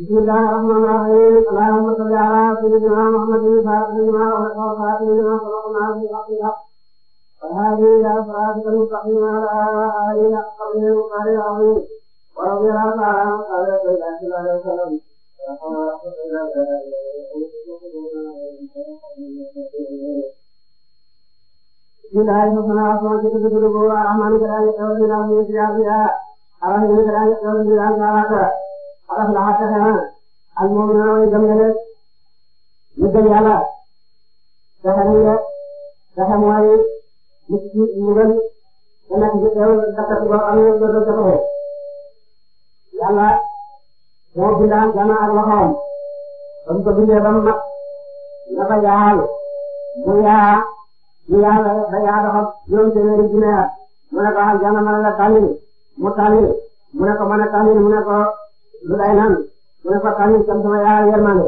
bismillahir rahmanir rahim allahumma salli ala sayyidina muhammadin fatimina wa fatimina sallallahu alaihi wa sallam وهذه إلى صراطك المستقيم وعلى آله حق قدره ومقداره العظيم ورضي الله تعالى عن قال رسول الله صلى الله عليه وسلم بسم الله الرحمن الرحيم كتب قلوب الرحمن كلام يقول بلا من يسجع بها أرهب كلام يقول بلا من alhamdulilah fexe na ak ñoom ñoo ngi gëm leen rek ñu gëm yàlla fexe nii rek fexe mooy nit ki mu gën te nekk ci teew dëkk boo xam ne doo ko fexe yàlla moo bindaan gana ak loxoom ba mu ko bindee ba mu mat na ko yaal mu yaa ñu yaal ba yaa doxam ñoom téeméeri junne mu ne ko aljana mën a la tànni mu tànni mu ne ko mën a tànni mu ne ko lu lay naan mu ne ko sànni tam sama yaay yermande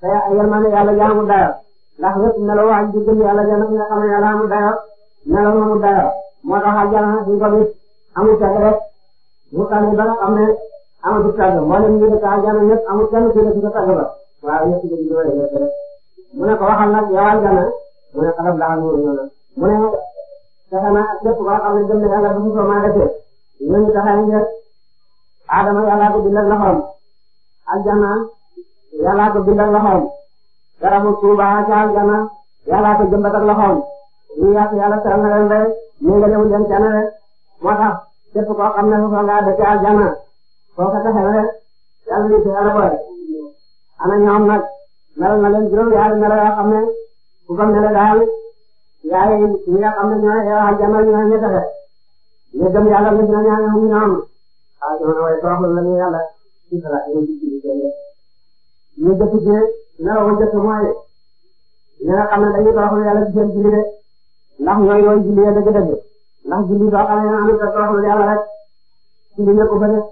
te yermande yàlla ji amul dayo ndax lépp melo waa ji gëm yàlla jana nga xam ne yàlla amul dayo melo ma amul dayo moo tax aljana suñ ko gis amul cage rek mu tànn ba nga xam ne amatu cage mboolem ñi dëkk aljana ñëpp amul kenn ku nekk sa cage ba waaw ñëpp dañu doon rek mu ne ko waxal nag yow aljana mu ne xarab laa mu ne mu ne fexe na képp koo xam ne gëm na yàlla bu ñu ko maa defee ñooñu taxaw ngeen Adama yàllaa ko bind ak loxoom aljana yàllaa ko bind ak loxoom garabu Tuuba ca aljana yàllaa ko jëmbat ak loxoom ñu yàq yàlla seral na leen tax képp koo xam ne foofa ngaa dëkk aljana foo ko taxee rek yàlla ñu ci yàlla boole ana ñoom nag melal na leen juróom yaari melo ne ku ko mel daal yaay ñi nga ne ñooy aljana ah jamono waaye toroxal nañu yàlla ci xalaat ñu ngi ci seen yëpp ñu jëkk ci meloo jëkk mooy ñi nga xam ne dañuy toroxal yàlla ci seen julli de ndax ñooy yooyu julli ya dëgg-dëgg ndax julli soo xam ne am na toroxal yàlla rek julli ñëpp ba def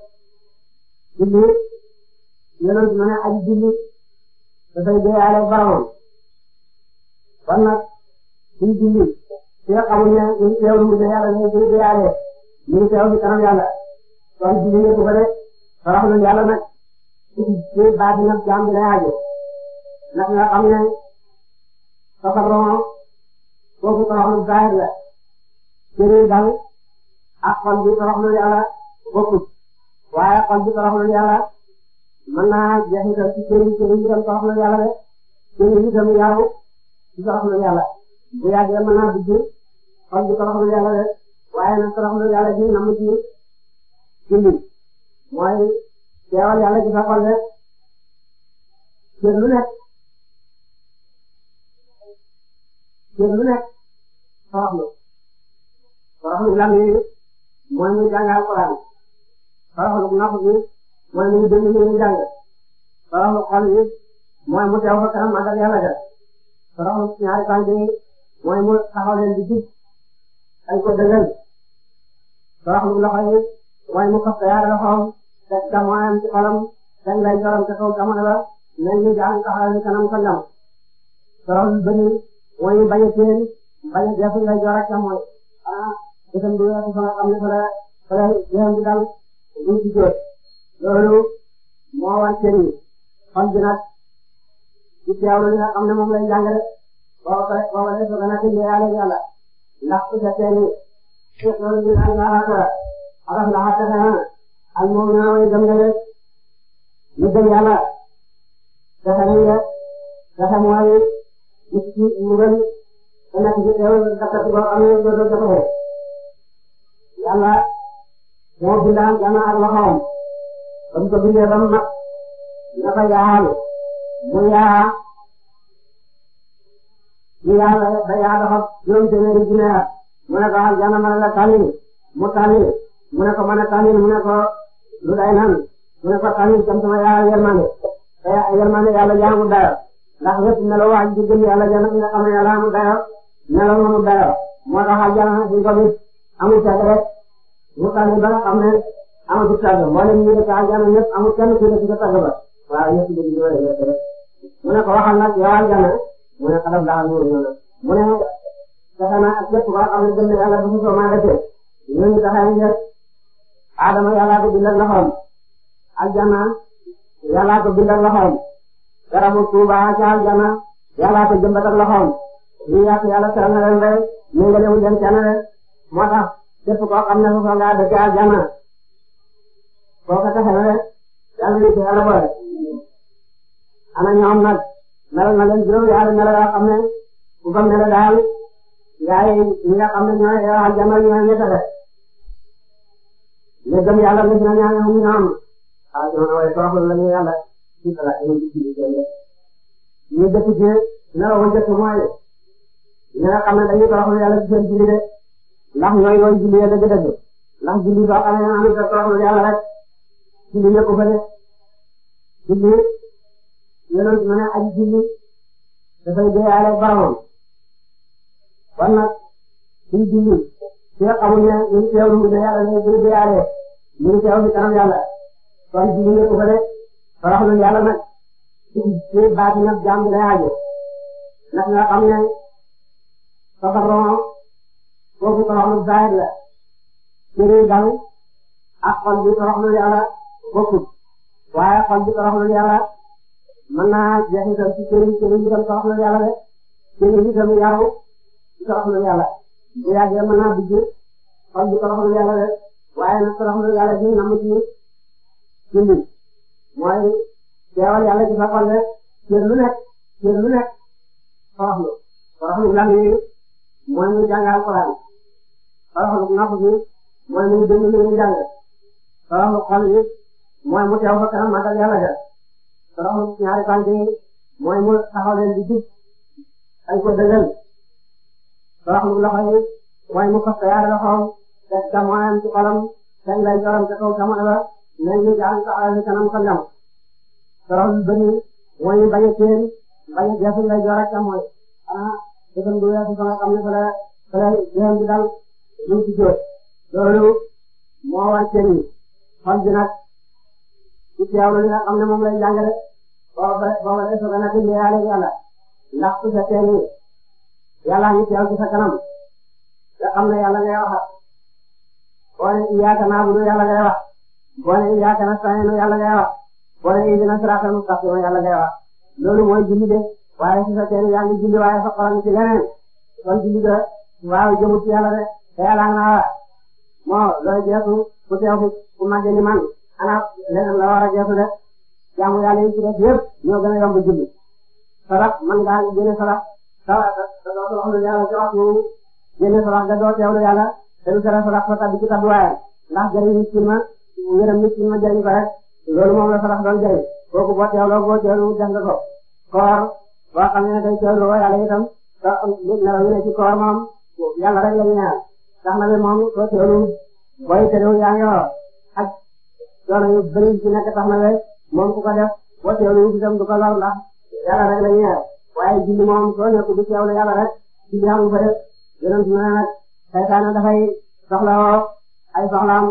julli yonent na ne aji julli dafay deeyaale boromam kon nag suñ julli ci nga xamul ne ñu teewlu mu de yàlla ñu ngi deeyaale ñu ngi teew ci kanam yàlla tey jii ñu ko fa de toroxlu yàlla nag ci baati jaam bi lay aajo ndax nga xam ne soxoroon foofu toroxlu zahir la jëriñ dal ak xol bi toroxlu yàlla bokkut waaye xol bi toroxlu naa jeexital ci jëriñ jëriñ itam toroxlu yàlla de jëriñ bu yàggee mën naa dugg xol bi toroxlu yàlla de waaye nag toroxlu yàlla ji na mu ci ci mbir mooy teewal yàlla ci sa xol rek cër lu nekk cër lu nekk toroxlu toroxlu lan yi mooy muy jàng alquran toroxlu nopp yi mooy muy déglu li muy jàng toroxlu xol yi mooy mu teew fa kanam magal yàlla ja toroxlu ñaari tànk yi mooy mu taxaw leen di jub dañ ko dëggal toroxlu loxo yi mooy mu fas yaare loxoom teg càmmoñam ci xolam lay joram ca kaw la mel ni jaan taxaw ci kanam ko ndam toroxlu bëri mooy bañ a téen bañ lay jor ak càmmoñ ah loolu moo war cër yi xol bi nag ci teewlu li nga xam ne moom lay jàngale boo ko boo ko defee ba nga tëjee yàlla yàlla ndax ku ca teel ni loolu bi ànd naa araf la xaq xeexana na way gëm de rek ñu gëm yàlla fexe nañ de fexe mooy ñu ci mbugal te nekk ci teewal dakkati boo xam ne doo doo joxe yàlla moo bindaan jama ak loxoom ba mu ko bindee ba na ko yaal mu yaa ñu yaa ba yaa doxal juróom téeméeri mu ne ko ma ne la mu tàlli mu ne ko man a kaamil mu ne ko lu day naan mu ne ko kaamil jam sama yaa yermande te yermande yàlla jaamu dayo ndax wet melo wax ji gëm yàlla jana nga xam ne yàlla amul dayo melo amul dayo moo tax aljana suñ ko gis amul càgg rek mu tàgg ba nga xam ne amul ci càgg mboolem ñu nekk aljana ñëpp amul kenn ku nekk ci càgg ba waaw ñëpp ñu ngi wala ñëpp rek mu ne ko waxal nag yow aljana mu ne xalam daal mu ne mu ne fexe naa ak képp koo xam ne gëm na yàlla bu ñu ko maa defee ñooñu taxaw ñu Adama yàllaa ko bind ak loxoom aljana yàllaa ko bind ak loxoom garabu Tuuba ca aljana yàllaa ko jëmbat ak loxoom lii yàq yàlla teral na leen rek méngale wu leen kenn rek moo tax képp koo xam ko taxee rek yàlla li ci yàlla boole ana ñoom nag melal na leen juróom yaari melo yoo xam ne ku ko mel daal yaay ñi nga xam ne ñooy ñu gëm yàlla rek ñu ñaan ñu ñaan ah jamono waaye soxla nañu yàlla ci xalaat ñu ci ci ñu def ci nelaw bu njëkk mooy ñi nga xam ne dañuy soxla yàlla ci seen julli de ndax ñooy ñooy julli ya dëgg-dëgg ndax julli soo xamee am na soxla yàlla rek julli yëpp fa de julli yéen ñu ne aji julli dafay deeyaale boromam kon nag suñ julli su xamul ne ñun teewlu bi de yàlla dañuy deeyaale ñu ngi teew ci kanam yàlla kon ji ngeen ko fa de toroxlu yàlla nag ci ci baati nag jaam bi lay aajo nag nga xam ne sabaroon foofu toroxlu zaahir la cëriñ dal ak xol bi toroxlu yàlla bokkut waaye xol bi toroxlu yàlla mën naa jeexital ci cëriñ cëriñ bi tam toroxlu yàlla de cëriñ bi tam yaru ci toroxlu yàlla bu yàggee mën naa dugg xol bi toroxlu yàlla de waaye nag sarax mu yàlla bi nam ci julli mooy teewal yàlla ci sa xol rek cër lu nekk cër lu nekk saraxlu saraxlu lan yi mooy muy jàng alxuraan saraxlu nopp bi mooy muy déglu lu ñuy jàng saraxlu xol yi mooy mu teew fa kanam magal yàlla ja saraxlu ñaari tànk yi mooy mu taxaw leen di jub ay ko dëggal saraxlu loxo yi mooy mu fas yaari loxoom teg càmmoñam ci xolam teg lay joram ca kaw càmmoñ ba mel ni jaan ko alal ci kanam xollam sorom bëri mooy bañ a téen bañ a geesu lay jor ak càmmoñ ah dëgg bu weesu fa nga xam ne fa la fa la jëm bi dal ñu ci jóot loolu moo war cër yi xol bi nag ci teewlu li nga xam ne moom lay jàngale boo ba boo ba soog a nekk njeeyaale yàlla ndax su fekkee ni yàlla ngi teew ci sa kanam nga xam ne yàlla ngay waxal boo nee iyyaka na'budu yàlla ngay wax boo nee iyyaka nasta'inu yàlla ngay wax boo nee ihdina siratal mustaqim yàlla ngay wax loolu mooy julli de waaye su fekkee ne yaa ngi julli waaye sa xol ci leneen kon julli ga waaw jëmut ci yàlla de te yàlla naa wax moo looy geesu ku teew ku màgg ni man ana leneen la war a geesu de jaamu yàlla yi ci def yëpp ñoo gën a yomb julli sarax man ngaa génne sarax sarax da doo wax lu yàlla ci wax ñu génne sarax da doo teewlu yàlla seen sera sarax ba tàbbi ci tabuwaayam ndax jëriñ nit ki ma ngërëm nit ki ma jëriñ ko rek loolu moom la sarax doon jëriñ kooku boo teewloo boo teewlu def nga ko koor boo xam ne day teewloo yàlla itam nelaw yi ne ci koor moom yàlla rek la ñu ñaan tax na bi moom soo teewlu booy teewlu yaa ngi woor ak coono yu bëri ci nekk tax na bi moom ku ko def boo teewlu itam du ko lor ndax yàlla rek la ñu ñaan waaye julli moom soo nekk du teewlu yàlla rek julli amul bëri yonent na nag saytaane dafay a ay soxlaam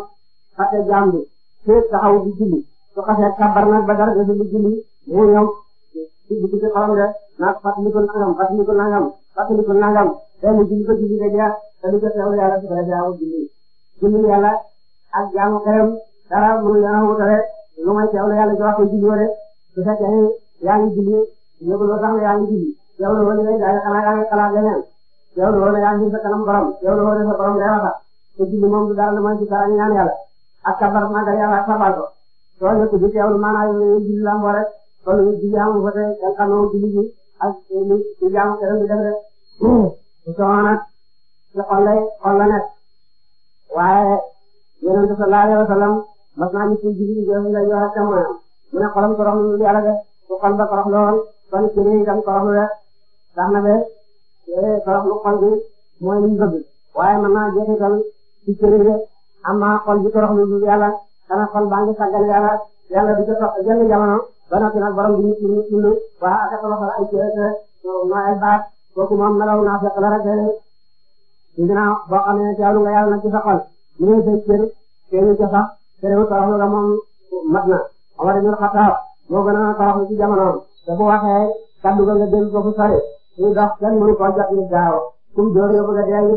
fàtte jaam bi fépp taxaw di julli su xasee kàbbar nag ba dara de lu julli mu ñëw ci dugg ci xolam de naa fàttaliku nangam fàttaliku nangam fàttaliku nangam te mu julli ba de jeex te lu jot a yàlla dafay jaamu julli julli yàlla ak jaamu xelam dara mënu leen a wutale lu may teewlu yàlla ci waxtu julli wala su fekkee yaa ngi julli yëguloo sax ne yaa ngi julli teewlu wala ngay daal xanaa yaa ngi xalaat leneen yow loolu la yaa ngi sa kanam borom yow loolu la sa borom ngay waxal te julli moom du dara lu may ci dara ñaan yàlla ak kabar magal yàlla ak sabal ko soo nekk di teewlu maanaam julli la mboo rek kon julli amul fa tey nga xamoo julli bi ak li li jaamu këram di def rek soxna nag ci xol lay xol la nekk waaye yonent sallallahu alayhi wa sallam mas naa ñu ci julli jox la yor ak càmmoñam mu ne xolam torox lu yàlla de bu xol ba torox lool kon ci itam torox lu rek tax na be te toroxlu xol bi mooy liñ bëgg waaye mën naa jeexital ci cër yi amma xol bi toroxlu lu yàlla xanaa xol baa ngi sàggal yàlla yàlla di ko topp jenn jamono ba noppi nag borom bi ñu ñu ñu waa ak sama xol ay cër nooy ay baat kooku moom melaw naa fekk la rek dinaa boo xam ne teewlu nga yàlla nag ci sa xol mu ngi say cër te ñu ca sax terewul toroxlu nga moom mat na Omar ibn Khattab moo gën a toroxlu ci jamonoom te bu waxee kaddu ga nga dégg ko fu sore muy dox kenn mënu koo jot ni gaaw kum dóor nga bëgg a dee ngi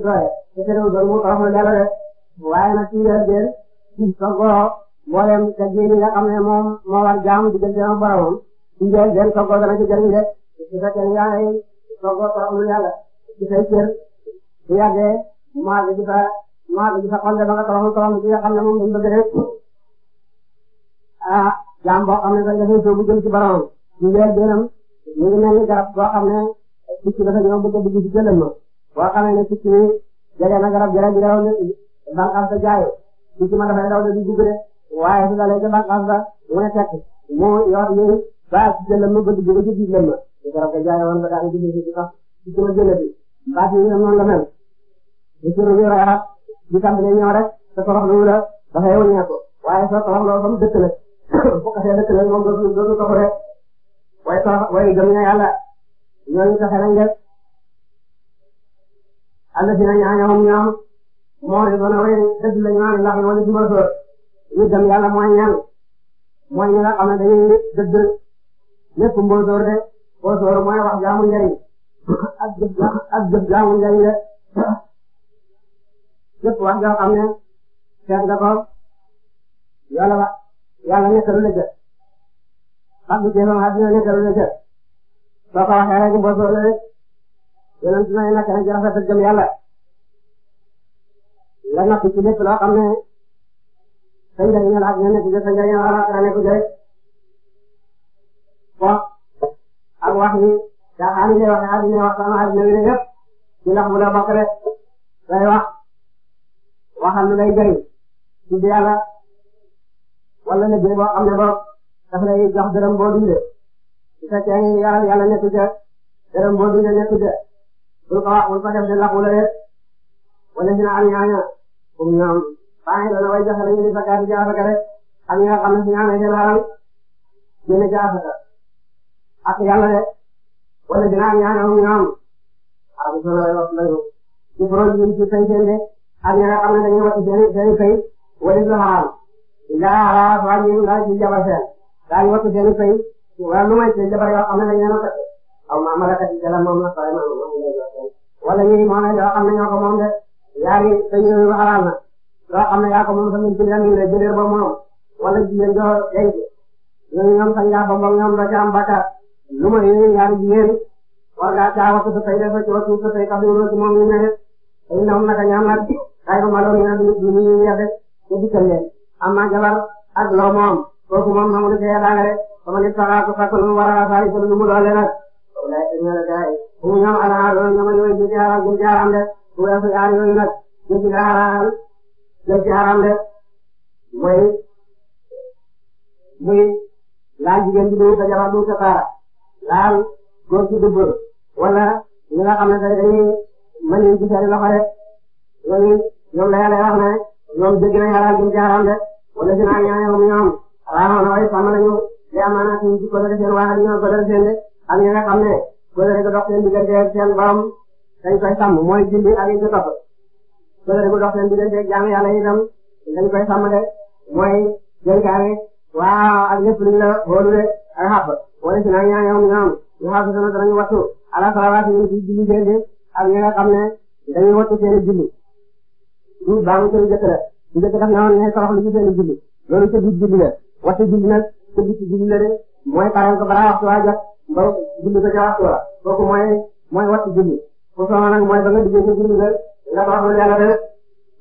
na dara de waaye nag ci njëlbeen ci sa goro mboolem te génn nga xam ne moom moo war jaamu diggante ak boromam ci njëlbeen sa goro dana ci jëriñ de su fekkee yaa ngi sa goro toroxul say cër bu yàggee mu àgg ci sa mu àgg ci sa xol de ba nga toroxul toroxul ci nga ah jaam boo xam ne dañ dafay sóobu picc dafa ñëw bëgg a dugg ci jëlem ma boo xamee ne picc mi jege na garab garab yi daw ne bànqaas ba jaayoo picc ma dafay daw ne di dugg de waaye su dalee ca bànqaas ba mu ne tekk mu yor yooyu ba ci jëlem ma bëgg dugg ci jëlem ma garab ga jaayoo woon ba daal di dugg ci sax picc ma jëlee bi baat yi noonu la mel di suru bi raxas di tàmbalee ñëw rek te torox lu la dafay wëññee ko waaye soo torox loo ba mu dëkk nag bu ko see dëkk nag moom dootul dootul toxu rek waaye torox waaye gëm na yàlla ñooñu taxe nañ de allazina ñaañahum ñoom moo doona way dëgg la ñu naan ndax ñoo ñu dem yàlla mooy ñan mooy ñi nga xam ne dañuy dëgg lépp mboosoor de mboosoor mooy wax jaamu njariñ ak jëf ak jëf jaamu njariñ de lépp wax joo xam ne seet nga ko yàlla yàlla nekkalu la ca ak bu jeexoon àddina nekkalu la ca soo ko waxee rek boo soolee yeneen su may naka lañ rafet gëm yàlla nga natt ci lépp loo xam ne sa njëriñ la ak nga nekk ci sa njëriñ la ak nga nekk ci wax ak wax yi caaxaan yi lay waxee adduna wax sama adduna wi yëpp ci ndax bu la bokk rek lay wax waxal lu lay jëriñ ci yàlla wala liggéey boo xam ne boobu dafa lay jox dërëm boo dundee. su fekkee ne yàlla yàlla nekku ca dërëm boo duggee nekku ca bul ko wax bul ko def de laxu la de wala si na am ñaaña um ñoom baa ngi doon way joxe lañu di fakkaati ci afaka rek am ñoo xam ne si ñaamee seen xaral génne ci afaka ak yàlla de wala si na am ñaaña um ñoom ak solo lay wax lañu ci borom ñu ci fay seen de ak ñoo xam ne dañuy wàcc seen seen fay wala si xaral ila xaral waa ñu la ci jabar seen daañu wàcc seen fay waaw lu may seen jabar yoo xam ne a aw ma malakat yi jëla moom la waaye ma moom la ñu wala ñuy la yoo na loo xam ne yaa ko moom tamit jënd nañ wala jigéen joo denc ñooñu ñoom sax ngaa bambam ñoom doo ci sa fay defee ci sa fay xam ne ci moom ñu ne dañu ne am naka ñaam nag kay ba maloon ñu ne du ñu ñu yàgg te dikkal leen am na jabar ak loo moom kooku moom xamu ne ca yàlla nga rek sama nit sax ko fàttali mu war a saali sa lu mu doole nag walaay te ñu ne gars yi bu mu ñoom alaar loolu ñoom yooyu jël ci haram jël ci haram de bu weesu yaar yooyu nag jël ci haram jël ci haram de mooy muy laal jigéen bi du sa jabar du sa taara laal góor ci dubbur wala ñi nga xam ne tey dañuy mën leen ci seen loxo de yooyu ñoom la yàlla wax ne ñoom jëgg nañ haram jël ci haram de wala si naa ñaanee mu ñoom alaar xam ne way sàmm nañu yaa maanaam suñu ci kóllëre seen waaye dañoo kóllëre seen de ak ñi nga xam ne kóllëre gu dox seen diggante seen borom dañ koy sàmm mooy julli ak yi ci topp kóllëre gu dox seen diggante jaamu yàlla itam dañ koy sàmm de mooy dénkaane waaw ak lépp luñ la wóolu de ak xàpp wala si naa ñaa yow mi ñoom ñu xaar sa danañ wattu ala salawaati ñu ci julli seen de ak ñi nga xam ne dañuy wattu seen julli ñu baamu seen jëkkër jëkkër daf ne woon ne toroxlu ci seen julli loolu sa biir julli la wattu julli nag te bis bi ñu lële mooy pareel ko balaa waxtu waa jot ba julli ko ca waxtu wa kooku mooy mooy waxtu julli ku soxla nag mooy ba nga diggante julli nga nga soxla yàlla rek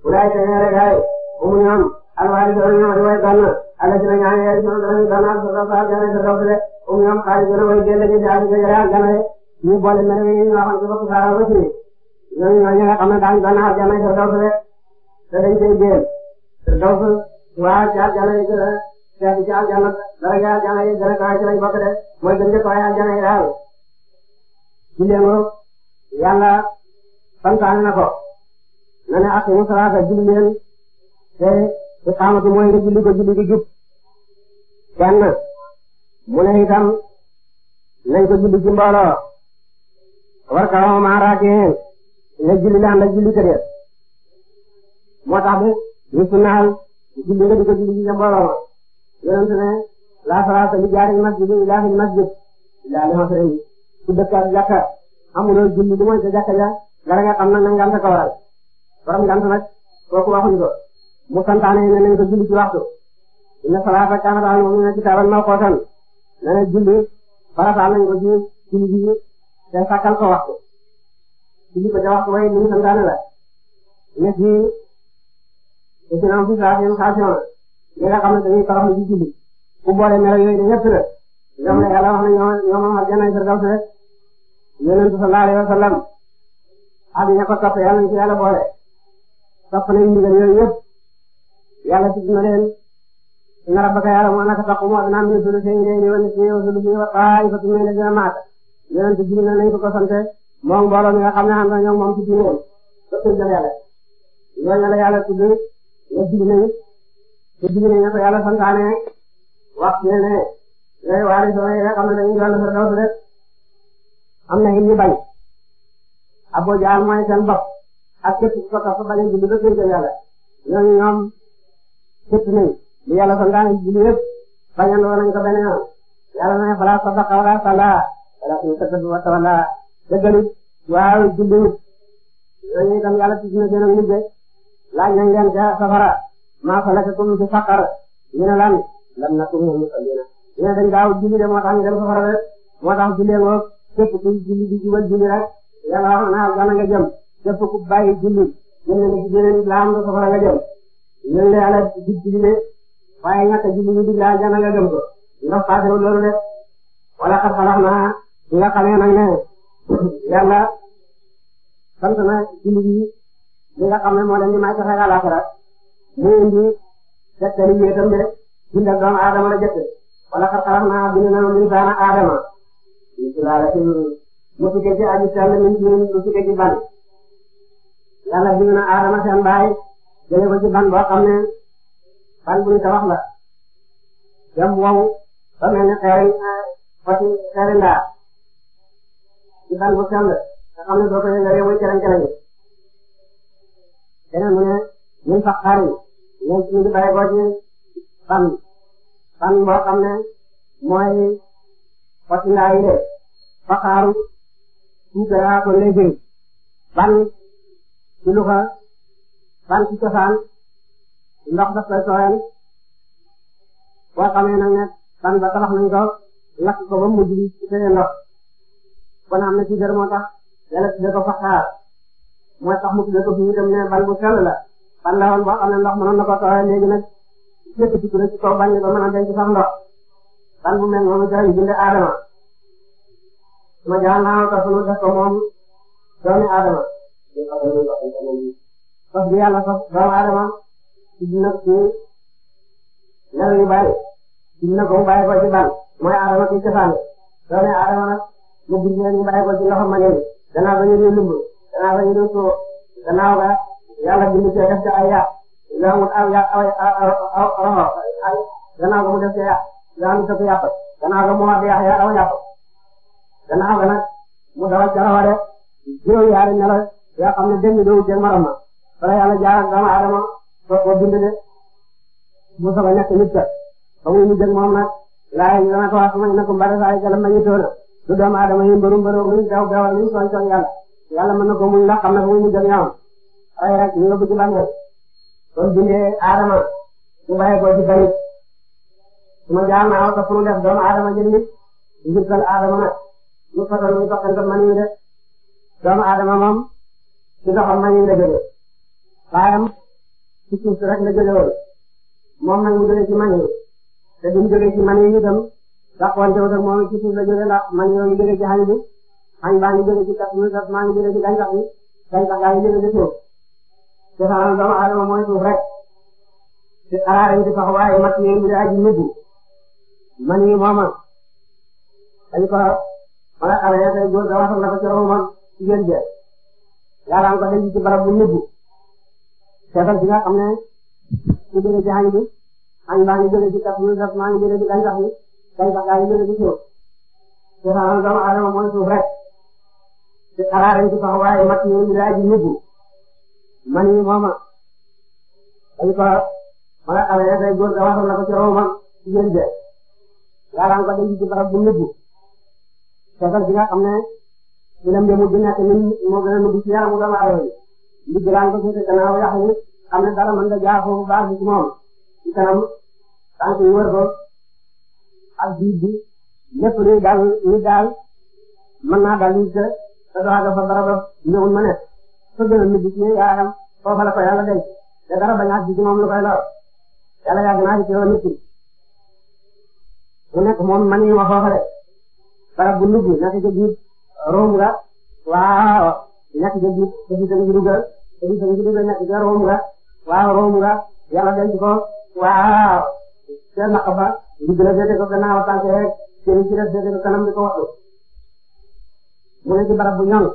walaay sa yàlla gaay amul ñoom alwari sa ñoom di way dal na ala ci ñaan yaay ñoom dara dal na sa sa jaare sa dof le amul ñoom xaali gëna way gëna ci daal ci yaay gëna ñu boole na ñu ñu waxal ko ko saara ba ci ñoom ñoo ñi nga xam ne daal dana jaare sa dof le te dañ koy gëel sa dof waa jaare jaare seetu ci aljana daraja aljana yi gën a kawe ci lañ bokk de mooy gën nga kawe aljana yi daal ci leenu yàlla santaane na ko na ne aqimu salaata julli leen te iqaamatu mooy nga julli ko julli gi jub kenn mu ne itam nañ ko julli ci mbooloo war ka wa ma raakeen ne julli la la julli kër moo tax bu ñu sunnaal julli nga di ko julli ci mbooloo yonent ne laa salaata li jaaril masjid illaa fil masjid illaa li xasrin ku dëkk ak jàkka amuloo julli lu mooy ca jàkka ja gara nga xam nag na ngant ko waral borom ngant nag kooku waxuñ ko mu santaane ne nañ ko julli ci waxtu inna salaata kaanat alal mu'miniina kitaaban mawquutan ne na julli farataal nañ ko ci julli bi te sàkkal ko waxtu julli ko ca waxtu way li ñu santaane la ñes yi te si naam fi saa seen xaasiyoon ñi nga ne dañuy toroxlu ci julli ku boole melo yooyu ne ñoom la yàlla wax ñoom ñoom am aljanna firdawsi yonent sallallahu alayhi wa sallam ak ña ko topp yàlla nañ ci yàlla boole topp nañ yooyu yëpp yàlla tudd na leen inna rabbaka ya'lamu annaka taqumu adnaa min thuluthayi al-layli wa nisfahu wa thuluthahu wa taa'ifatun mina alladhiina ma'aka yonent julli na sante moom mbooloo mi nga ne xam ñoom moom ci yooyu la yàlla tudd na te digg nañu ko yàlla santaane wax ne ne yooyu waa nga xam ne dañuy jëloon Firdaws rek am na ak képp ko tax bañ a julli ba gën a yàlla ñooñu ñoom képp nañ li yàlla santaane julli yëpp bañandoo nañ ko benn yoon yàlla na fala sadaqa wala salla walakin kadhaba wa tawalla dëggalut waaw julliwut ñooñu itam yàlla tudd na seen mujj laaj nañ leen ca safara maa salakakum fi saqar ñu ne lan lam nakum min musallina ñu ne dañ daaw julli de moo tax ñu dem safara de moo tax jullee ngoo képp ku julli di jubal julli rek yàlla wax na gana nga jëm képp ku bàyyi julli génne na ci géneen islam nga safara nga jëm ñun de ala di julli de waaye ñàkk julli ñu dig la gana nga gëm ko ndax passé loolu de wala xar xalax naa nga xamee nag ne yàlla sant na julli bi li nga xam ne moo leen di may sax ak àllaaxira mu indi tegtali wéetam bi rek bindal doomu aadama la jëkk wala xar xaram naa bind na mu baana aadama sulaalatin mu tukkee ci aji sell min diin mu tukkee ci ban yàlla bind na aadama seen baay jële ko ci ban boo xam ne ban buñ tabax la dem wow ba mel ne xeeri foti xeeri ndaa ci ban bu sell nga xam ne doo ko yëngalee muy calañ calañ beneen mu ne min faqarin ñoom ñu ngi ko ci fan fan boo xam ne mooy xoti ndaa yi de faxaaru suukaraa ko lay firi fan ci luxa fan ci cosaan ndox daf koy tooyal boo xamee nag ne fan ba tabax nañ ko ko ba mujj bi ci feneen ndox kon am na ci dër moo tax yàlla tudde ko faxaar mooy tax mu tudde ko fi itam ne ban la woon boo xam ne ndox mënoon na ko tooyee léegi nag lépp dugg na ci kaw ban bi ba mën a denc sax ndox ban bu mel noonu jaay bind aadama ma jaay naa ko sunu def ko moom doomi aadama sos bi yàlla sos doomu aadama tudd na ci nelaw yu bari tudd na ko mu bàyyi ko ci ban mooy aadama ci cosaan doomi aadama nag mu bind leen ñu bàyyi ko ci loxo ma leen danaa ba yëre lumb danaa ba yëre soo danaa ba yàlla bind see def ci ay yàq nga amul aw ya aw aw aw ay gannaaw ga mu def ci yàq nga am sëtu yàq gannaaw ga mu war di yàq ya aw yàq gannaaw ga nag mu dawal ca rawa de juróom yaari melo yoo xam ne benn doo jël maram ma bala yàlla jaar ak doomu aadama soo ko bind de mu soog a nekk nit ka ba muy mujj ak moom nag laaj yi dana ko wax ma ne ko mbare saa yi gën a mbañu toona su doomu aadama yi mbëru mbëru luñ daw dawal luñ sooñ sooñ yàlla yàlla mën na ko muñ la xam ne muy mujj ak ñaawam ay rag ñu yóbbu ci bàmmeel kon bindee Adama mu bàyyi ko ci tamit su ma jaar naa wax pour def doomu Adama jënd nit njëkkal Adama nag ñu fasal ñu toqante mën ñu def doomu Adama moom ci doxam mën ñu la jógee baayam ci suuf rek la jógee woon moom nag mu jógee ci mën yi te bi mu jógee ci mën yi itam ndax wante wu moom ci suuf la jógee ndax mën yoo ngi jógee ci xañ bi xañ baa ngi jógee ci kàttan bi kàttan baa ngi jógee ci gàncax bi gàncax gaa ngi jógee ci suuf. te xanaa doomu aadama mooy suuf rek te araare yi di sax waaye mat yi ñu daal di nëbbu man yi mooma dañ ko mën a aree tey góor ga waxal na ko ci romb man jigéen ja yàlla nga ko denc ci barab bu nëbbu seetal si nga xam ne ñu jóge ci xañ bi xañ baa ngi jóge ci kaf ñu def maa ngi jóge ci gàncax gi gàncax gaa ngi jóge ci suuf te xanaa doomu aadama mooy suuf rek te araare yi di sax waaye mat yi ñu daal di nëbbu mani mooma dañ ko mala awee day góor ga waxoon na ko ci ci gën de nga xam ne ci la mbéy mu gën a te xam ne dara mën nga jaar baax bi ci moom ci kanam tànk yi wër ko ak biir bi lépp daal ni daal mën naa daal nit te te doo àgg fa barab ma nekk fa gënoon na gis ne yaayam foofa la ko yàlla denc te dara bañ a gis moom lu koy lor yàlla yàgg naa ci loolu nit ki mu nekk moom man yi ma foofa de barab bu nugg nekk ca biir romb ga waaw nekk ca biir ca biir tamit dugal ca biir tamit dugal nekk ca romb ga waaw romb ga yàlla denc ko waaw ca naq ba ndigg la féete ko gannaaw tànk rek ci ci def féete ko kanam di ko waxtu mu nekk barab bu ñoŋ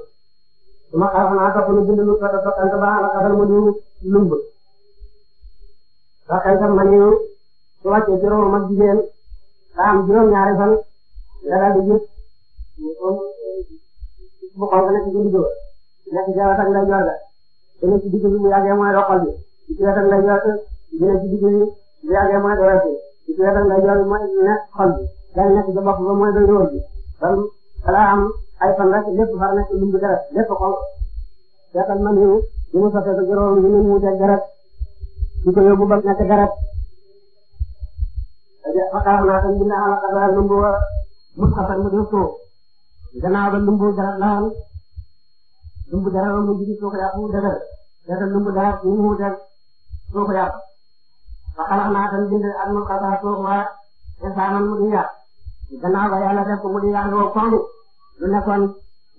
suma xarala naa topp ñu bind lu ko soxante ba la xasal mu ñu lumb soxante mani su wàccee juróom ak jigéen daa am juróom-ñaari fan nga daal di gis bu xonk nekk ci digg ba nekk ci wetam lay jor ga te nekk ci digg bi bu yàggee mooy roqal bi ci wetam lay jor bi nekk ci digg bi bu yàggee mooy doyati ci wetam lay jor bi mooy nekk xol bi day nekk ci bopp ba mooy doy róor bi kon balaa am ay fan rek lépp far nekk lumbu deret lépp xol seetal ma ni ñu mu safee ba juróom ñu mu wuteeg deret ñu ko yóbbu ba nekk deret fakaar naa tan binda ala qadar lumbu wa mun xasar mu di suuf gannaaw ba lumbu deret laan lumbu deret mu jigi suuf yàqu dëgër seetal lumbu deret ñu mu wuteeg suuf yàqu fakaar naa tan binda ala qadar suuf wa insaanan mu di yàq gannaaw ba yàlla def ko mu di yàq lu nekkoon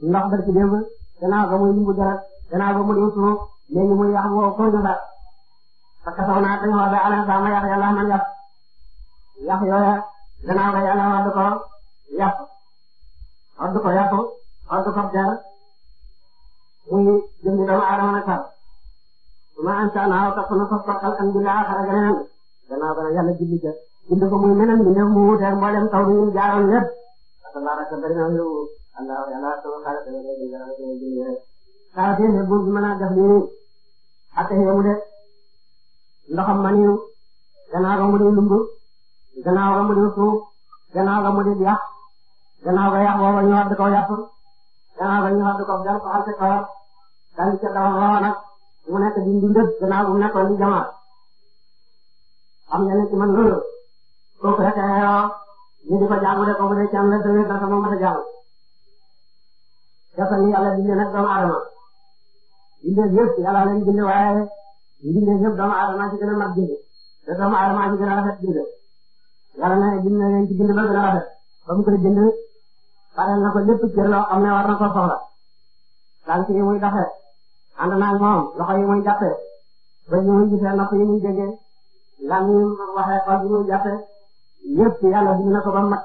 ndox ba ci démb gannaaw ba muy yëngu dara gannaaw ba mu di suuf léegi muy yàq woo ko ñu ba parce que taw naa dañoo wax ba alal ba ma yàq yàlla man yàq yàq yooya gannaaw ba yàlla wàllu ko yàq wàllu ko yàq wàllu ko der muy jëndi doomu aadama nag sax su ma ansa naa wax ko nu ko soxal am dina xarala leneen gannaaw ba yàlla jublu ca bind ko muy meneen bi ne mu wuteeg mboolem taw bi ñu jaaroon lépp parce que laata sa bëri na yow. allah yàlla sama xarit la ngay dégg ak ngay jënd yore. saa fi ne buur bi a def lii de ndoxam ma nii ga mu di lumbu gannaaw ga mu di suuf gannaaw ga mu di yàq ñu war di ko yàq gannaaw ga ñu war di ko daal ci dawal waaw di ndundët gannaaw bu nekkoon na ne ci man loolu kooku rek ayoo ñu di ko jaamu de kooku de ci am la sëñ bi dafa jaamu. dafa ni yàlla bindee nag doomu aadama bindee yëpp yàlla leen bindee waaye bindee yëpp doomu aadama ci gën a mat jënd te doomu aadama ci gën a rafet jënd yàlla na bind na leen ci bind ba gën a rafet ba mu koy bind pareel na ko lépp cër loo xam ne war na ko soxla tànk yi muy doxee ànd naa moom loxo yi muy jàppee ba yi muy gisee nopp yi muy déggee lan yi waxee xol yi muy jàppee yëpp yàlla bind na ko ba mat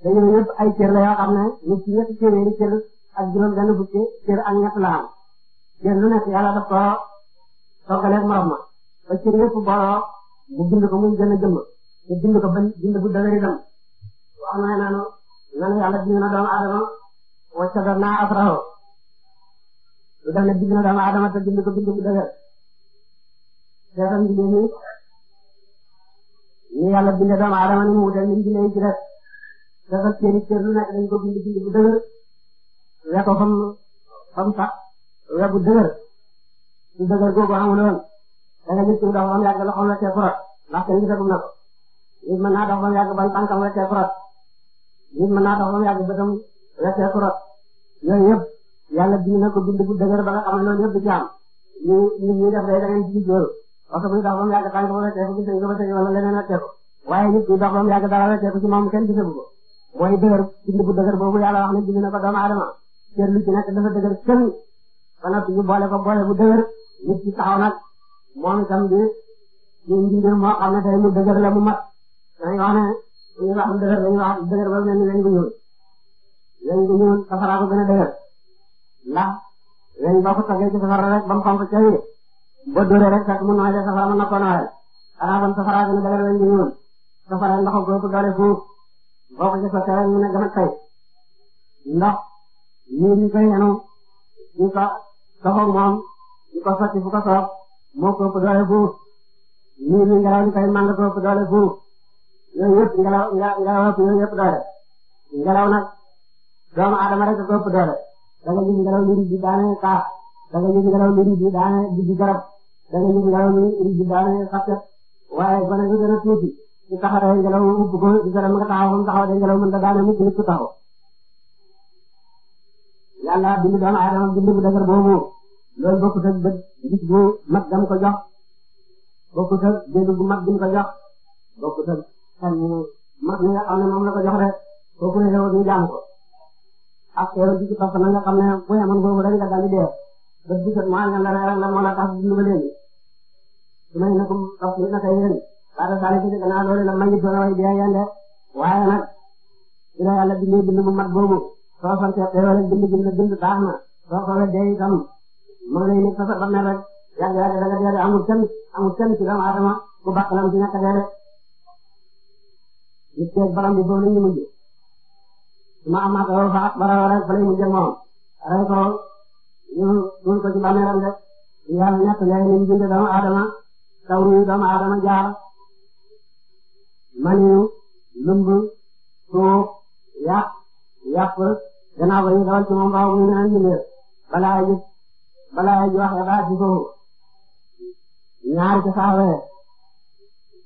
te yooyu yëpp ay cër la yoo xam ne nit ci ñetti cër yi cër ak juróom benn fukki cër ak ñett la am lu nekk yàlla daf ko toggaleeg morom ma ba cër yëpp booloo mu bind ko muy gën a jëmm ko ba bind bu dëgëri dem wax na naanu nan yàlla bind na doomu aadama wacca doon naa afraho lu def ne ko doomu aadama ni mu ko bind bu dëgër we ko fam fam sax we bu dëgër bu dëgër googu amul woon da nga gis ci ndox bam yàgg loxoom wettee forot ndax kenn gisagum na ko nit mën naa dox bam yàgg ban tànkam wettee forot nit mën naa dox bam yàgg bëtam wettee forot yooyu yëpp yàlla bind na ko bind bu dëgër ba nga xam ne loolu yëpp du ci am ñu nit ñi def day da ngeen gis loolu parce que bu ñu dox bam yàgg tànkam wettee ko gis nga ba tey wala leneen wettee ko waaye nit ñi dox bam yàgg dara wettee ko ci moom kenn gisagu ko mooy dëgër bind bu dëgër boobu yàlla wax ne bind na ko doomu aadama cër lu ci nekk dafa dëgër cër wala ñu boole ko boole bu dëgër nit ci taxaw nag moom itam bi ci mbir moo xam ne tey mu dëgër la mu mat dañuy wax ne dañuy wax mu dëgër dañuy wax dëgër ba mel ni lañ ko ñëw lañ ko ñëw safara ko gën a dëgër ndax lañ boo ko toggee ci safara rek ba mu xonk cër yi boo dóoree rek fekk mu nooy de safara mën na ko nooyal xanaa kon safara gën a dëgër lañ ko ñëw safara ndox ko góob doole fuuf boo ko ci sottee rek mu ne gën a tey ndox nii ñu koy yenu ñu ko soxor moom ñu fu ko soob ko ëpp doole fuuf nii ngelaw ñu koy màng ko ëpp doole fuuf yooyu yëpp ngelaw ngelaw ëpp yooyu yëpp doole ngelaw nag doomu aadama rek ko ëpp doole da nga gis ngelaw li di daane kaaf da nga ngelaw li di daane di garab da nga gis ngelaw li di daane xaset waaye gone gi gën a tuuti su taxawee ngelaw ubbi ko di gërëm nga taxaw ba mu taxaw de ngelaw mën da daane nit ñi ku taxaw yàlla bind doomu aadama bind bu dëgër boobu loolu bokkut ak bët gis bu mag dam ko jox bokkut ak dégg bu mag dim ko jox bokkut ak xel mu mag mi nga xam ne moom la ko jox rek kooku ne yow ñu jàng ko ak xeeru bi ci parce que nga xam ne bu yemoon boobu rek nga daldi dee bët bi jot mu ànd la rek la moo la tax dund ba léegi su may nakum parce que naka yéen baada saali ci gannaaw loolu la may doon way dee yende waaye nag ila yàlla bindee bind bu mag boobu soo sante xéewal ak bind bind bind baax na soo xoolee dee itam moo lay nekk sa bàmmeel rek yàgg yàgg danga baram bi foofu ñu mujj su ma amaatoo fa akbara rek fa lay moom rey ko ñu dugal ko ci bàmmeelam de yàlla ñett lay ñu bind doomu aadama tawru doomu aadama jaar maniyu lumb suuf yàq yàpp ginnaaw ba ñu dawal ci moom baaxul ñu naan bindee balaa ji balaa ji waxee baal ci suuf ñaari ci saawee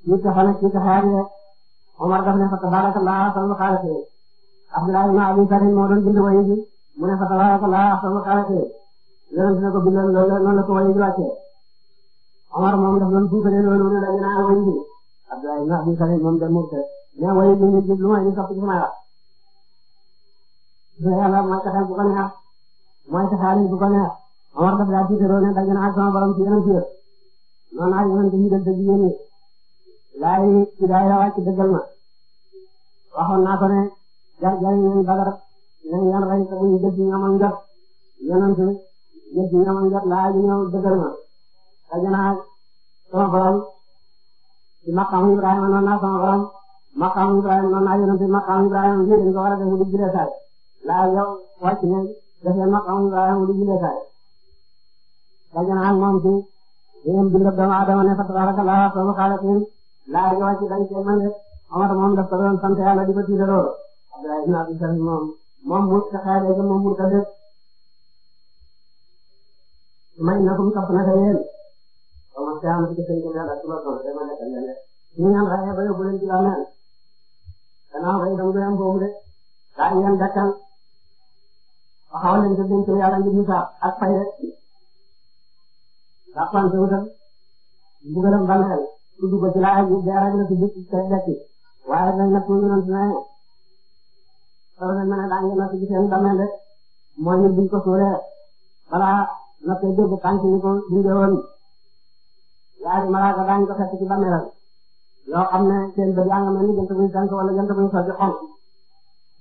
ñu taxal ci taxaar yi Omar daf ne fa tabarakallah ahsanul xaaliqiin Abdullah ibn Abi Sarr moo doon bind wayi ji mu ne fa tabarakallah ahsanul xaaliqiin yonent ne ko bindal loolu noonu la ko wayi ji wàccee Omar moom daf doon tuutale loolu ne la ñu naan wayi ji Abdullah ibn Abi Sarr moom dem mu ne wayi ji ñu jublu mooy ñu soxla ci sama te yàlla mooy taxal bu ko neex mooy taxaale bu ko neex Omar daf daal di gërëm ne daje na ak sama borom ci yeneen kër noonu ak yeneen dañuy def dañuy yéeme laay ci daay la wàcc dëggal ma waxoon naa ko ne jar jar yéen bagar yéen yan rey te buñu dëgg ñoom am jot yeneen kër dëgg ñoom am jot laay ñu ñëw dëggal ma daje na ak sama borom ci maqaamu Ibrahima noonu naa sama borom maqaamu Ibrahima noonu naa yeneen kër maqaamu Ibrahima bii dañu ko war a def mu digg laa yow wàcc nañ defee maqam Ibrahima lu jullee kaay daje na ak moom ci yéen bind doomu aadama ne fa tabarakallah soobu xaalatin laa yow wàcc dañ cee mën rek Omar moom daf ko doon sant yàlla di ko tiite lool Abdoulaye ibn Abi Salih moom moom mu xaaree ba moom mu ko def may na ko mu topp na ko yéen Omar Thiam na ci sëñ bi yàlla suba tool bi dama nekkal leen rek ñu ñaan rajo ba yóbbu leen ci la mel gannaaw ba itam du yem foofu de daa yéen dakkal waxoon nañu ko denc yàlla ngir Musaa ak Faye la Fane Seye tam mbugalam bànneel tudd ko ci laaj bi dara dina tudd ci seen lekk waaye nag nag ñu doon suñu soo demee nag daa ngi natt ci seen bànneel rek mooy ñu buñ ko suuree balaa nga koy dégg tànk ñu ko dundee woon yaari malaaka daañu ko fekk ci bànneelam yoo xam ne seen bët yaa nga mel ni jant buy tànk wala jant buy soog di xonk.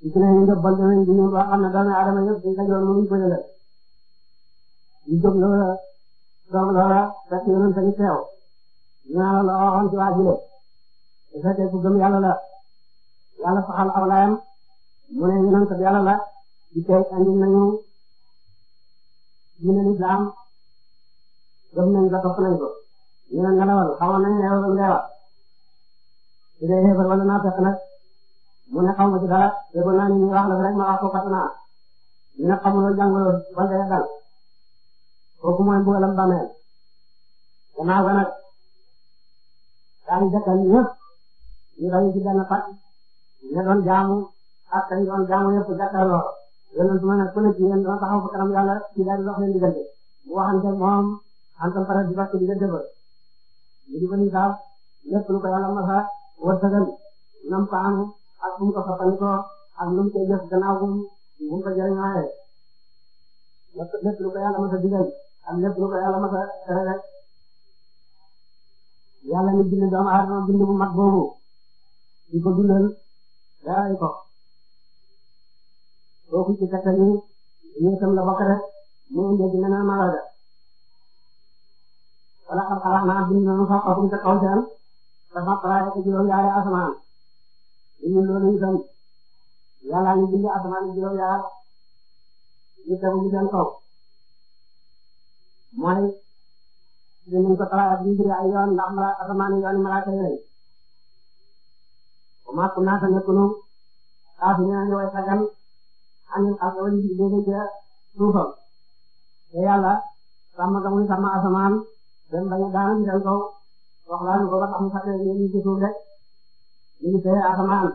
gis nañu ne bon danañ di ñëw ba xam ne doomu aadama yëpp dañ ko jox mënuñ ko yëgal ñu jóg loola soog loola fekk yonent tamit teew ñu naan la waxoon ci waa Jule bu fekkee ku gëm yàlla la yàlla saxal aw laayam mu ne yonent bi yàlla la di tey andi nañu ñu ne lislaam gëm nañ ko topp nañ ko ñu ne ngelawal xamoon nañ ne yow nga wax su dee xeebar wala naa fekk nag. mu ne xamuma ci dara yëgoon naa ni wax la rek ma wax ko Fatma ñu ne xamuloo jàngaloo bal nga yàggal kooku mooy mbugalam bàmmeel gannaaw ga nag daal di jëkkal ñëpp ñu dañu ci benn pat ñu doon jaamu ak kañ doon jaamu yëpp jàkkaarloo yéen su ma ne ku ne ci yéen doon taxaw fa kanam yàlla ci daal di dox leen diggante mu waxante moom antal pare di bakk diggante ba ñu di ko ni daal lépp lu ko yàlla masa wërsëgal nam paanu ak bu ko soxalikoo ak lu mu koy def gannaaw bu mu ko jëriñoo lépp lu ko yàlla masa digal ak lu ko yàlla masa tere rek yàlla ni bind doomu aadama bind bu mat boobu di ko dundal daray ko kooku ci fekk ni yéesam la bokk rek mu indi dina na malaga wala xam xalaat naa bind nañu sax xaw ma ca kaw seen dafa xalaat ak juróom-ñaari asamaan indi loolu itam yàlla ngi bind asamaan juróom-ñaar ñu tegu ci seen kaw mooy dinañ ko xalaat ak bind ay yoon ndax mala asamaan yi yoon malaaka yi lañ wa maa kunnaa nekkunu kaafiriina ñu way sagan ani ak wàllu déedéet ja suufam te yàlla sàmm ka muy sàmm asamaan dem bañ a daanu ci seen kaw wax laa ñu ko ba tax mu fàtte ñu ci suuf rek. ñu ngi téye asamaan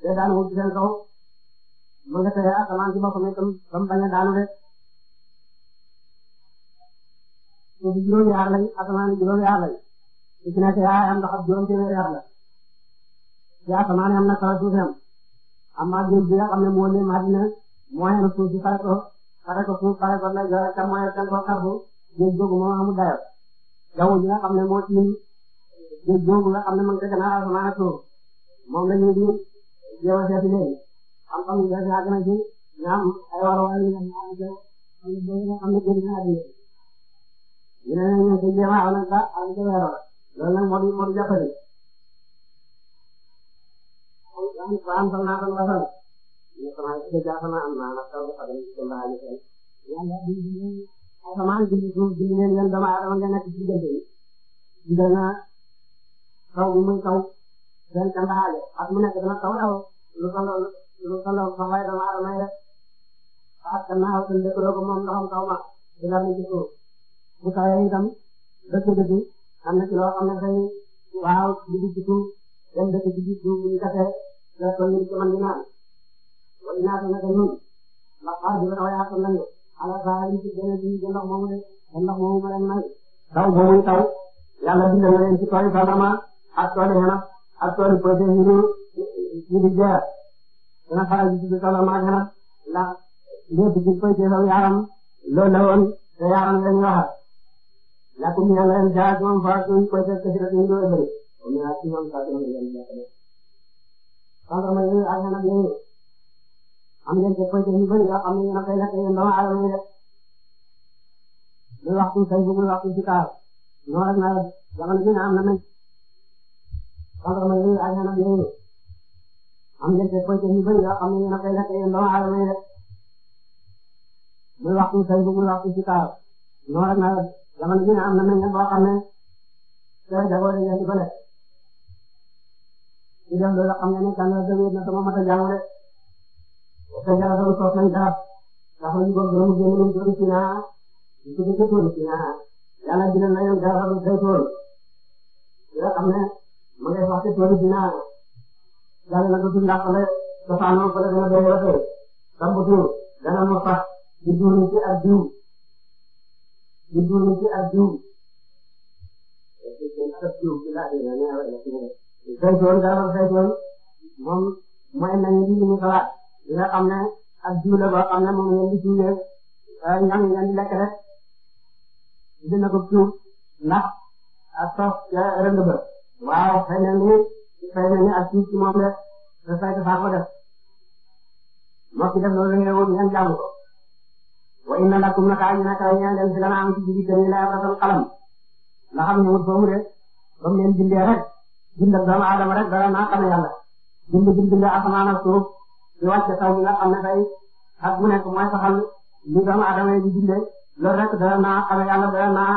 seetaan wul ci seen kaw ma nga téye asamaan ci boppam itam ba mu bañ a daanu de suuf si juróomi yaar lañ asamaan yi juróomi yaar lañ su ci nekk yaay am ndoxam juróom téeméer yaar la ci asamaan am na kaw suufam amma géej bi nga xam ne moo ne Madina moo yenu suuf si pare ko pare ko suuf pare ko lay joxe te moo yor seen kaw xarfu géej googu moom amul dayo jaww ji nga xam ne moo ci géej googu nga xam ne moom dëgg naa asamaan ak suuf moom la ñuy di jéem a seeti léegi xam-xam yi dafa yàgg na ci ñaam ay waruwaay yu ñu am na géej naa di ñu ne ñu ngi jéem a aw nag ba am ca weeroo loolu nag moo di moo di jàppale. am solo naa ko nga xam ne sama ci jaasama am naa la taw bi xam ne ci mbaa yi seen yàlla bi asamaan bi suuf bi leen yéen dama adama nga nekk ci diggante bi taw bi muy taw benn kàllaale ak mu nekk dana taw taw lu tolloo lu tolloo fa waaye dama aar may rek ah gannaaw seen dëkk doo ko moom ndoxam taw ma di la amee ci suuf bu tawee itam dëkk dëkk am na ci loo xam ne xëy waaw dugub ji suuf dem dëkk ji suuf bu ñu gasee la toll nii ci man di naan wala ñaata naka ñun ndax wax dëgg taw yaa ko nangu ala saa yi ci benn ji ndox moomu de ndox moomu ma leen may taw boobu taw yàlla dina leen ci tool yi ak tool yi xanaa ak tool yi projet yi ñu ñu di jeex dana faral di ci toolam ak xanaa ndax lépp ci koy teew yaaram loolu la woon te yaaram la ñu waxal lakum yàlla leen jaay moom faral di koy teew kese rek ñu ngi koy bëri. kon ñu naan ci ñoom sax dama leen di jaay tàndarma yooyu ak xanaa yooyu am ngeen ci projet yu bëri yoo xam ne yéen a koy lekk yéen dama aadama yi rek. muy waxtu say bu muy waxtu si kaar loolu nag jamono bi am na xarala yi ak xanaa yooyu am ngeen koy poche yu bëri yoo xam ne ñu na koy lekk yéen doomu aadama yi rek muy waxtu say bu muy waxtu si kaar noor ak nawet jamono bi am na meññal boo xam ne sooy dagoo rek ngeen di ko lekk di def loolu xam nga ne kan la demee na sama mata jaamu rek te jaral sama soos nañ dara ndax ñu ko gërëm génn ñu toll ci naa ñu tuddee ci toll ci naa yàlla dina na yow jaral sama say tool yoo xam ne. ma ngay wax te tool yi dina dana la dugg ndax la cosaanoo ba la dana doon rafet. Sambutu dana mu sax di duuru ci ak diw di duuru ci ak diw. saytoon garabal saytoon moom mooy nañu li ñu xalaat li nga ne ak la boo xam ne moom ngeen di tuuree ñam ngeen di lekk rek dina ko tuur ndax ak sax ca rënd ba. waaw fay na ni fay na ni ak ci moom rek te fay def moo ci def loolu la yow ngeen jàng ko wa inna lakum naka ñu naka ñaan leen fi la am ci biir kër yi laa rafetal xalam nga xam ne wut foofu mu rek bindal doomu aadama rek dara naa xam yàlla bind bind bind asamaan ak suuf di wàcce taw bi nga xam ne tey ak bu nekk li doomu aadama yi di bindee loolu rek dara naa xam yàlla dara naa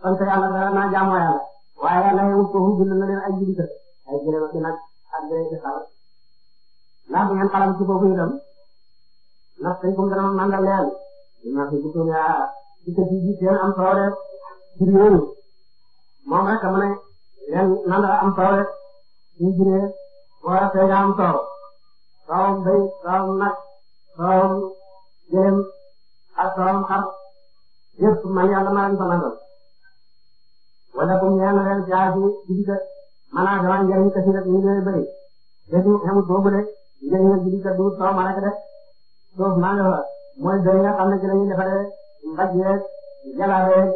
sant yàlla dara naa waaye yàlla yow foofu bind na leen ay judikat ay jërëma ci nag ak jërë ci xalam ndax bu ngeen xalam ci foofu itam ndax tey comme dana màndal leen dinaa fi gis ah, ne ah ci kër gi seen am solo rek ci réew moom rek a mën a leen màndal am solo rek suñu juree moo war a fay nga am solo soowam béy soowam nag soowam jërëm ak soowam xar yëpp man yàlla maa leen fa nandal wala kum ñeel na leen jaay fi guddi ga maanaam damaa njëriñ kese rek ñu ngi lay béy bés bu xamul boobu de njëriñ ak guddi ga du soo mën a ko def suuf maa nga fa mooy béy nga xam ne ci la ñuy defaree mbaj yeeg jalaawee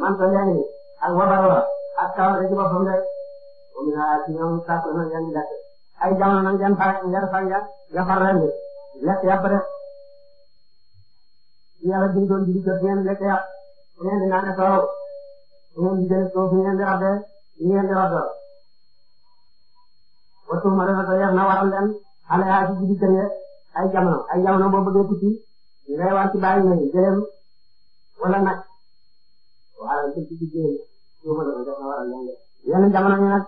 manto yaa ngi ak wabar wa ak kawar ci boppam de moom laa ci ñoom saako na yaa ngi lekk ay jamono nag yan far yan far yan yan far ren de lekk yàpp de yàlla dundoon guddi ga ngeen lekk yàpp ngeen di naan ngeen di jëlee suuf ngeen di raddee ngeen di raddoo waxtu bi ma defoon na waral leen xale yaa ci guddi kër ay jamono ay jamono boo bëggee tukki ngay war ci bàyyi ngay jëlem wala waaye lu ci guddi suuf ma defoon ba waral leen de. yenn jamono yi nag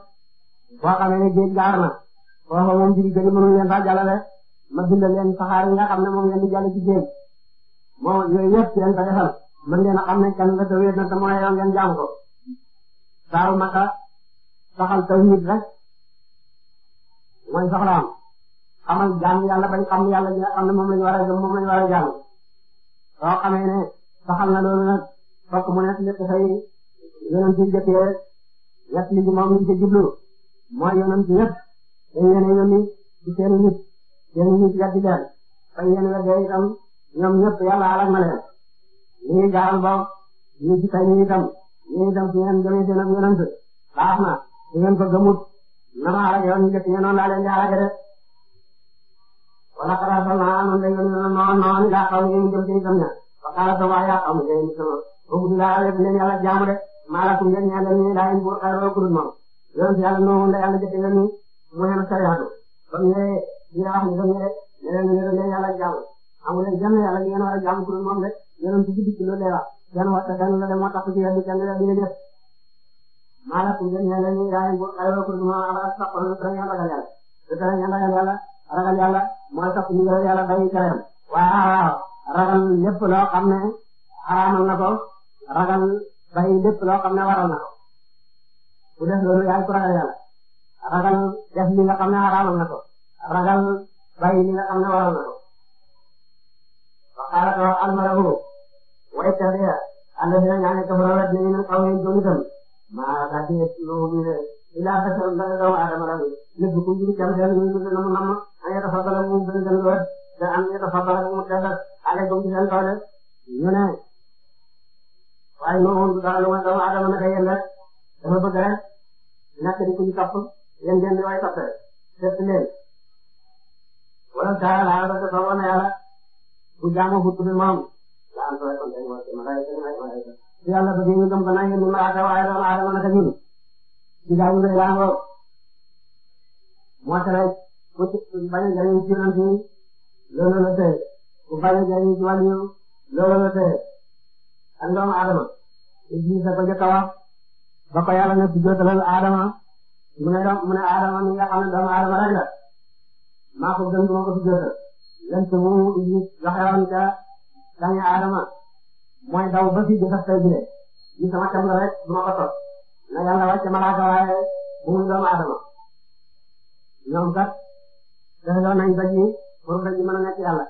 boo xamee ne géej gaar na foofa moom guddi kër yi mënuñ leen faa ne moom ngeen di jàll ci moom yooyu yëpp seen ko mën ngeen a xam ne kenn la tawhid na te mooy yoon ngeen jaamu ko saaru Makka saxal tawhid rek mooy soxlaam xamal jaamu yàlla bañ xam yàlla ñi nga xam ne moom moom ne saxal na loolu nag fokk mu nekk ñett xëy yonent yi jëkk yee ñett mooy yonent yëpp dañ leen a yónni ci seeni nit seeni nit weddi leen bañ leen leen ñii gaal ba ñii ci kay ñii itam ñii itam su ngeen gëmee seen ak yonent baax na su ngeen ko gëmut na ma xalaat yoon ñu def ñu noonu laa leen di xalaat rek wala xalaat sax naa noonu dañu ne noonu noonu laa xaw ñu jëm seen itam ña ba xalaat sa waaye yaa xaw ñu leen sama ba bu laa rek leen yàlla jaamu de maa la kum ngeen ñaan leen nii laa leen buur xayma kurut moom yoon si yàlla noonu la yàlla jëfe leen nii mu ngeen sariyaatu ba mu ñëwee ñu wax ñu dem ñu rek ne leen ñu leen yàlla jaamu amu leen jëm yàlla ngeen war a jaamu kurut moom de yonent bi dikk loolu lay wax seen xol te benn la de moo tax ñu weddi kenn weddi nga jëf maa la ko ngeen ñaanal ñu gars yi bu ayoo ko du ma am ak sax loolu dara ngeen ragal yàlla te dara ngeen ragal yàlla ragal yàlla mooy sax ñu ragal yàlla bàyyi tereem waaw waaw ragal lépp loo xam ne xaraamal na ko ragal bàyyi lépp loo xam ne waral na ko bu def loolu yaay ko ragal yàlla ragal def li nga xam ne xaraamal na ko ragal bàyyi li nga xam ne waral na ko xaaral almarahu wa ittabi'a alladhina ñaane kafara wa dina min qawmin dunikum ma tatiluhum ila bashar doomu aadama lahu lépp ku jiri jam seen ñu na mu nam an yatafaddala mu gën gën lool te am yatafaddala mu defal alaykum ci seen doole ñu ne waaye noonu dara lu ma doomu aadama naka yéen rek dafa bëgg rek nekk di ku ñu topp yéen ngeen di way topp seet leen wala taala ba te soxla na yàlla bu jaamoo xut bi moom laa am sooy kontaan ni malaaka waaye doomu aadama naka ñun ci daawu rëy laa ngoo moo tax rek ku ci bañ a jariñ ci yonent yi loolu la tee ku bañ a jariñ ci wàllu loolu la tee ak doomu ne sujjóotalal mu ne mu ne aadama mi nga xam ne la maa ko gën du ma lënt moomu iblis joxewoon ca dani aadama mooy daw ba fii jëfaf tey bile ñi sama cam la rek du ma ko tos na yàlla wàcce malaaka waaye bu muy doomu aadama ñoom kat defewoon nañ daj yi pour daj yi mën a nekk yàlla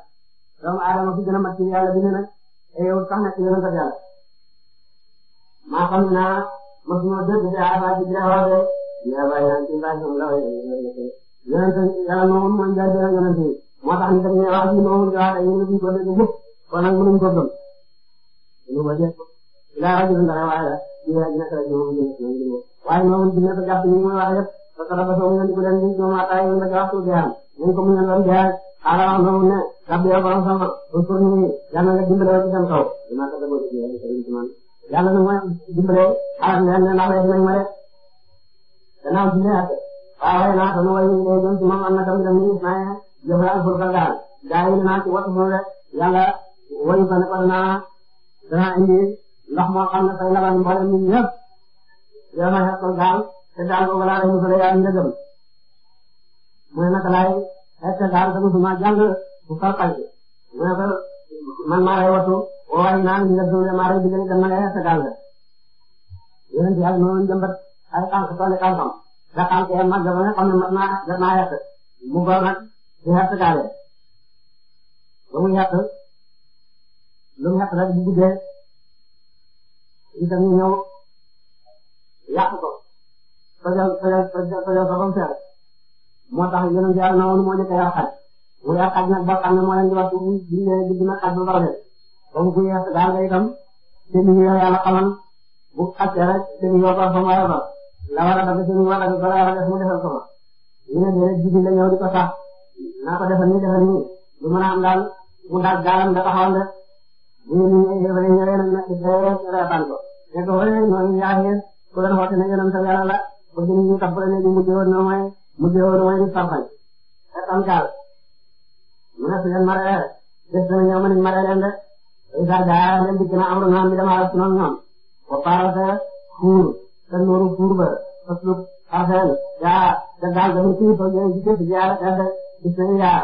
doomu aadama fi gën a mat ci yàlla bi ne nag te yow sax nekk yonent ak yàlla maa xam naa mosuma dégg ci aadama ci jeexoo de yàlla bàyyi naan ci mbaa ci la way yonent yàlla moom mooy jaajëfal yonent yi moo tax ñu dem ñu wax ñu moom ñu wax ñu ngi góor ñëpp kon nag mënuñ ko gëm ñu ko def ila rajul dara waaye ñu la dina kala ñu ñu waaye moom dina ko jàpp ñu mooy wax yëpp parce que dafa soom ñu ko leen ñu ma tay ñu la wax ko jaar ñu ko mu ñu lan jaar ala wax noonu ne rabbi ya borom sama bu ko ñu yàlla nga dimbale ko seen kaw dina ko dabo ci yàlla seen man yàlla na mooy dimbale ala ne ne la wax nañ ma rek danaa dina ak waaye naa ko way ñu doon ci mom am na tam dem ñu naa jëflaal fulka gaal gaa yi naa ci wat moom rek yàlla wayu ko ne ko naa danaa indi ndox moo xam ne fay labal mboolem nit ñëpp yàlla na xeexal gaal te gaal boobu laa lay musalee yaa ngi gëm mu ne naka laay xeexal gaal te musuma jàng bu farfal bi mu ne ko man maa lay watu waaye naa ngi nga dundee maa lay digal dem na nga xeexal gaal rek yéen daal noonu jëmbat ay tànk tool yi tànkam nga tànk yàlla mag ba nga xam ne mat naa jot naa xeex mu góor nag di xett gaale ba muy xett lu mu xett rek bu guddee itam ñu ñëw yàq ko tojal tojal tojal ko ba mu seer moo tax na woon moo njëkk a yar xaj mu yar xaj nag ba xam ne moo leen di wax mu kuy xett gaal nga itam te ñu yor yàlla xamal bu xasee rek te la war a dagg mu defal ko ma naa ko defal nii defal nii lu mën a am daal mu daal gaalam nga taxawal de bu ñu ñëwee nag nag dee reetaan ko nekk foofu noonu yaa ngi ku leen xoote ne yonent yàlla la ba ñu ñu tax ne ñu mujjee woon mooy mujjee woon mooy di sarfañ reetaan gaal mu ne su leen maree des na ñëw ma ni maree leen de isa gaa leen dikk na amru naan bi dama la sunoon ñoom ba paarate fuur te nuuru fuur ba fasluk arfeel yaa te gaal ga mu kii fa ngeen gisee si jaara ci seen yaar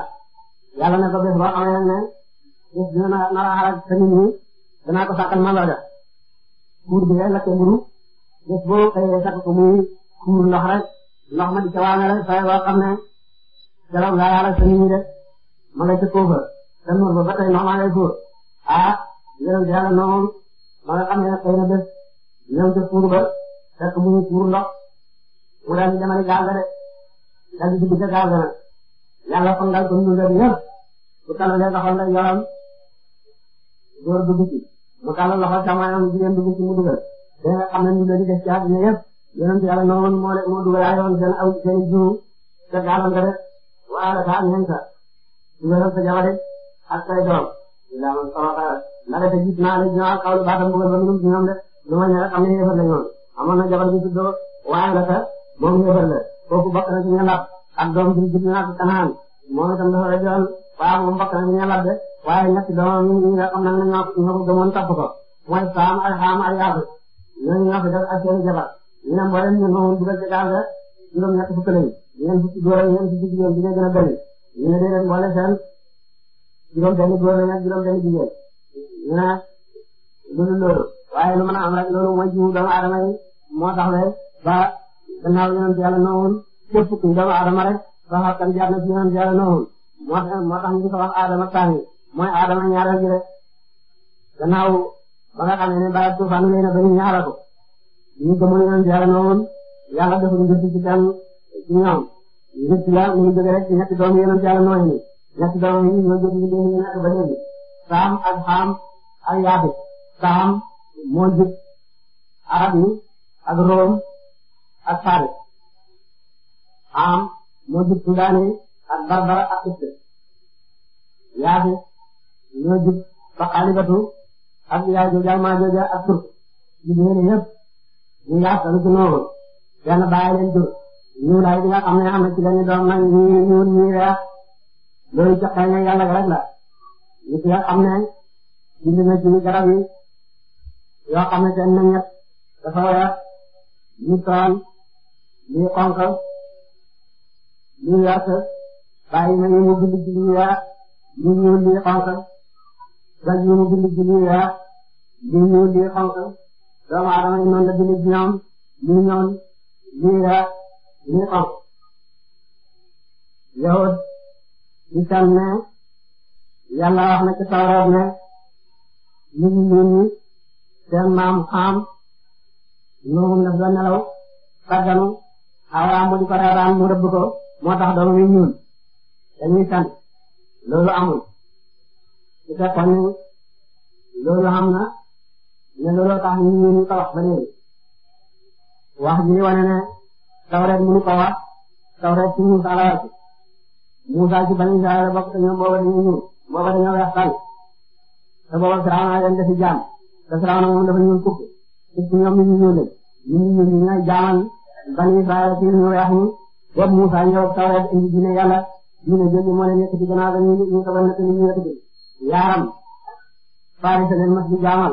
yàlla ne ko bés boo xamee ne bés dina nar a xalaat sa nit ñi danaa ko sàkkal mandarga kuur bi ngay lakkee mburu bés boo xëyee sàkk ko muy kuur rek ndox ma di ca waamee fay boo xam ne keroog ca kóofa te noor ba ba tey ndox maa ngay suur ah yéen a yàlla noonu ma nga ne xëy na bés ñëw kuur ba fekk muy kuur ndox mu daal di demali gaal ga de daal di yàlla fangal ko ñu leen yëpp su tàllalee loxo ndeyjooram góor dugg ci mu tàllal loxo càmmoñam jigéen dugg ci mu dugal te xam ne ñu leen di def ci àddina yëpp yonent yàlla noonu moo leen moo dugal ayoon seen aw seen jiwu te gaalam nga def wala taa ngeen sa dugalal sa jabar ak say doom ila man sabaka la def gis naa leen ñoo kaw baatam bëggal ba minum ci ñoom de lu ma ñëw xam ne yéefar la ñoon amoon na jabar bi tuddoo waaye la ta moom yéefar la kooku ak doom bi judd na ak Kanaan moom itam dafa rajoon waaw moom bokk na ñu ñëwaat de waaye ñetti doomam yi nga xam ne ñoo ñoo gëmoon topp ko mooy Saam ak Haam ak Yaafet ñooñu ñoo fi def ak seen jabar ñu ne mboolem ñu moom dugal ci gaal ga juróom ñett fukk lañu ñeent fukki góor ñeent fukki jigéen bi gën a bëri ñu ne déedéet mboole seen juróom benn góor lañu ak juróom benn jigéen ñu ne loolu loolu waaye lu mën a am rek loolu mooy jiwu doomu aadama yi moo tax le ba gannaaw yonent yàlla noonu képp kuy doomu aadama rek saxar kan jaar na fi naan jaar na woon moo tax moo tax ñu ngi ko wax aadama tànn mooy aadama ñaareel gi rek gannaaw ba nga xam ne ne balaa tuufaan lay na ba ñu ñaara ko ñu gëmoon naan jaar na woon yàlla defuñu def ci kenn ci ñoom nit ya ñu jóge rek ñetti doom yi yéen jaar nooy ni ñetti doom yi ñoo jóg ñu leen nekk ba léegi saam ak xaam ak yaafit saam moo jub arab yi ak room ak faris am moo jub Soudanais ak Barbara ak Ibte Yaafis ak Yaay Jooja Maa Jooja ak Turk jigéen ñi ñëpp ñu yaakaar ci noonu benn bàyyi leen jur ñu laay bi nga xam ne am na ci lañu doom nag ñu ñuul ñu weex loolu ca xëy na yàlla rek la ñu ci nga xam ne bind na ci garab yi yoo xam ne seen meññet dafa weex ñu toon ñu xonk ñu yor te bàyyi na ñu bind ci ñu yaa ñu ñuul lii xonq daj ñu bind ci ñu yaa ñu ñuul lii xonq doomu aadama yi noonu la bind ci ñoom ñu ñoon lii yaa lii xonq yahud itam ne yàlla wax na ci tawreet ne ñu ñuul ñi seen maam xam ñoom daf la nelaw sàgganu awaam bu di ko reeraan mu rëbb ko moo tax doomam yi ñuul dañuy sant loolu amul su fekkoon ne loolu xam na ne looloo tax ñu ñuul ñu ko wax wax ji ni wane ne tawreet mënu ko wax tawreet ci Muusaa la wàcc Muusaa ci bani Israayil la bokk te ñoom booba dañuy jaam te Firawna moom dafa ñuul kukk kukk ñoom ñu ñuul ñu ñuul ñu ñooy jaamal bani Israayil ci ñu weex wan Musaa ñëw ak tawreet indi diine yàlla ñu ne jënd moo leen yëkkati gannaaw ba ñu ñu ko yaaram farisa leen mas di jaamal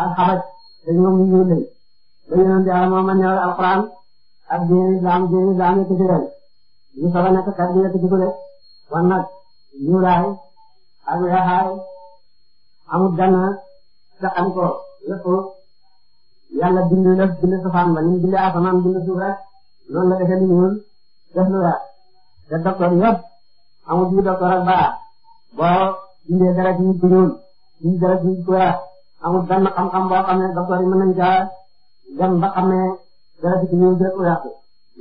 ak xabaj te ñoom ñu ñuul lañ ba yonent yàlla moom a ñëw alxuraan ak diine islam diine islam yëkkati leen ñu soog a nekk kat di yëkkati ko de wan nag ñuulaay ak weexaay amut ganna saxan ko lépp yàlla bind lépp bind safaan ba ni mu bindee asamaan bind suuf la defee lu def lu weex te docteur yëpp amul bii docteur ak baa boo indee deret yi ku ñuul indi deret yi ku weex amul benn xam-xam boo xam ne docteur yi mën nañu caa dem ba xam ne deret yi ku ñuul rek ku weex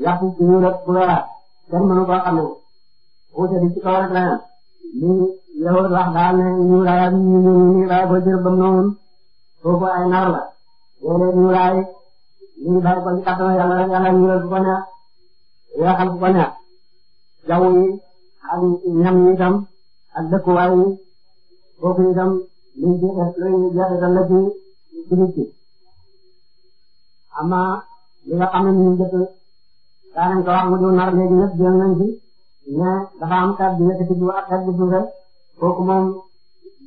yàqu ku ñuul rek ku weex kenn mënu koo xam ne wuute bi ci kaw rek la ñu yow wax daal ne ñuulaay ak ñu ñuulaay boo jël ba mu noonu foofu ay nar la léeg-léeg ñuulaay ñu bàyyi ko ci kàttan yàlla yàlla ñuulal bu ko neex weexal fu ko neex jaww yi ak ñam yi itam ak dëkkuwaay yi kooku itam luy jeexital la ci nit ki amaa li nga xam ne ñun dëkk daa nañ ko wax mu diw dafa am kat bi yëkkati bu ak kat bu suufe kooku moom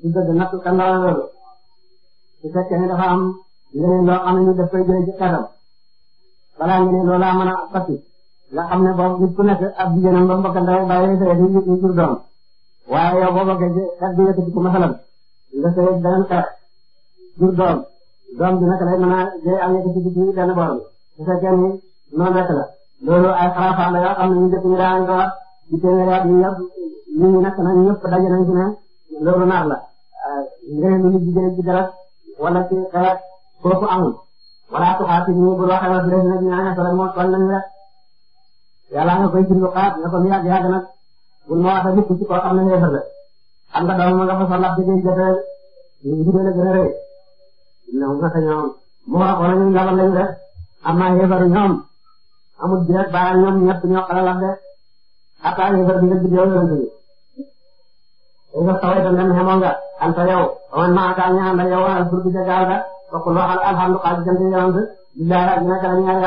du dëgg natt kan la loolu su fekkee ne dafa am leneen loo xam ne ñu daf koy jëlee ci xetam balaa nga ne loolaa mën a fàttali nga xam ne boobu nit ku nekk ab jigéenam ba mbokk ndaw bàyyi sa yéen ñu ñu jur doom waaye yow boo bokkee ci xet bi nga tëdd sa yéen beneen xeet jur doom doom bi naka lay mën a jëy am nga tëdd ci la loolu ay xarafaan la yoo xam ne ñu jëkk ñu daan ko wax ne loolu ñu euh, jigéen ci dara wala ci xeet kooku amul wala tuxaati ñu bu loo xamante ne dinañ ñaanal rek moo toll nañ rek yàlla nga koy bindu xaar nga ko lu yàgg yàgg nag bul ma wax nit ci koo xam ne xeefar nga doom ma nga fa sa laaj dafay jotee lu mu gën a gën a rëy ñoom naka ñoom mu wax wala ñoom laban lañu def am naa xeefaru ñoom amul biir baal ñoom ñett ñoo xala laaj de xataa xeefar bi nga gis yow yonent bi. dañ ko saway dem dem xemoon nga anta yow amoon naa kaa ñu ànd ak yow wala tur bi ca gaal ga bokkul waxal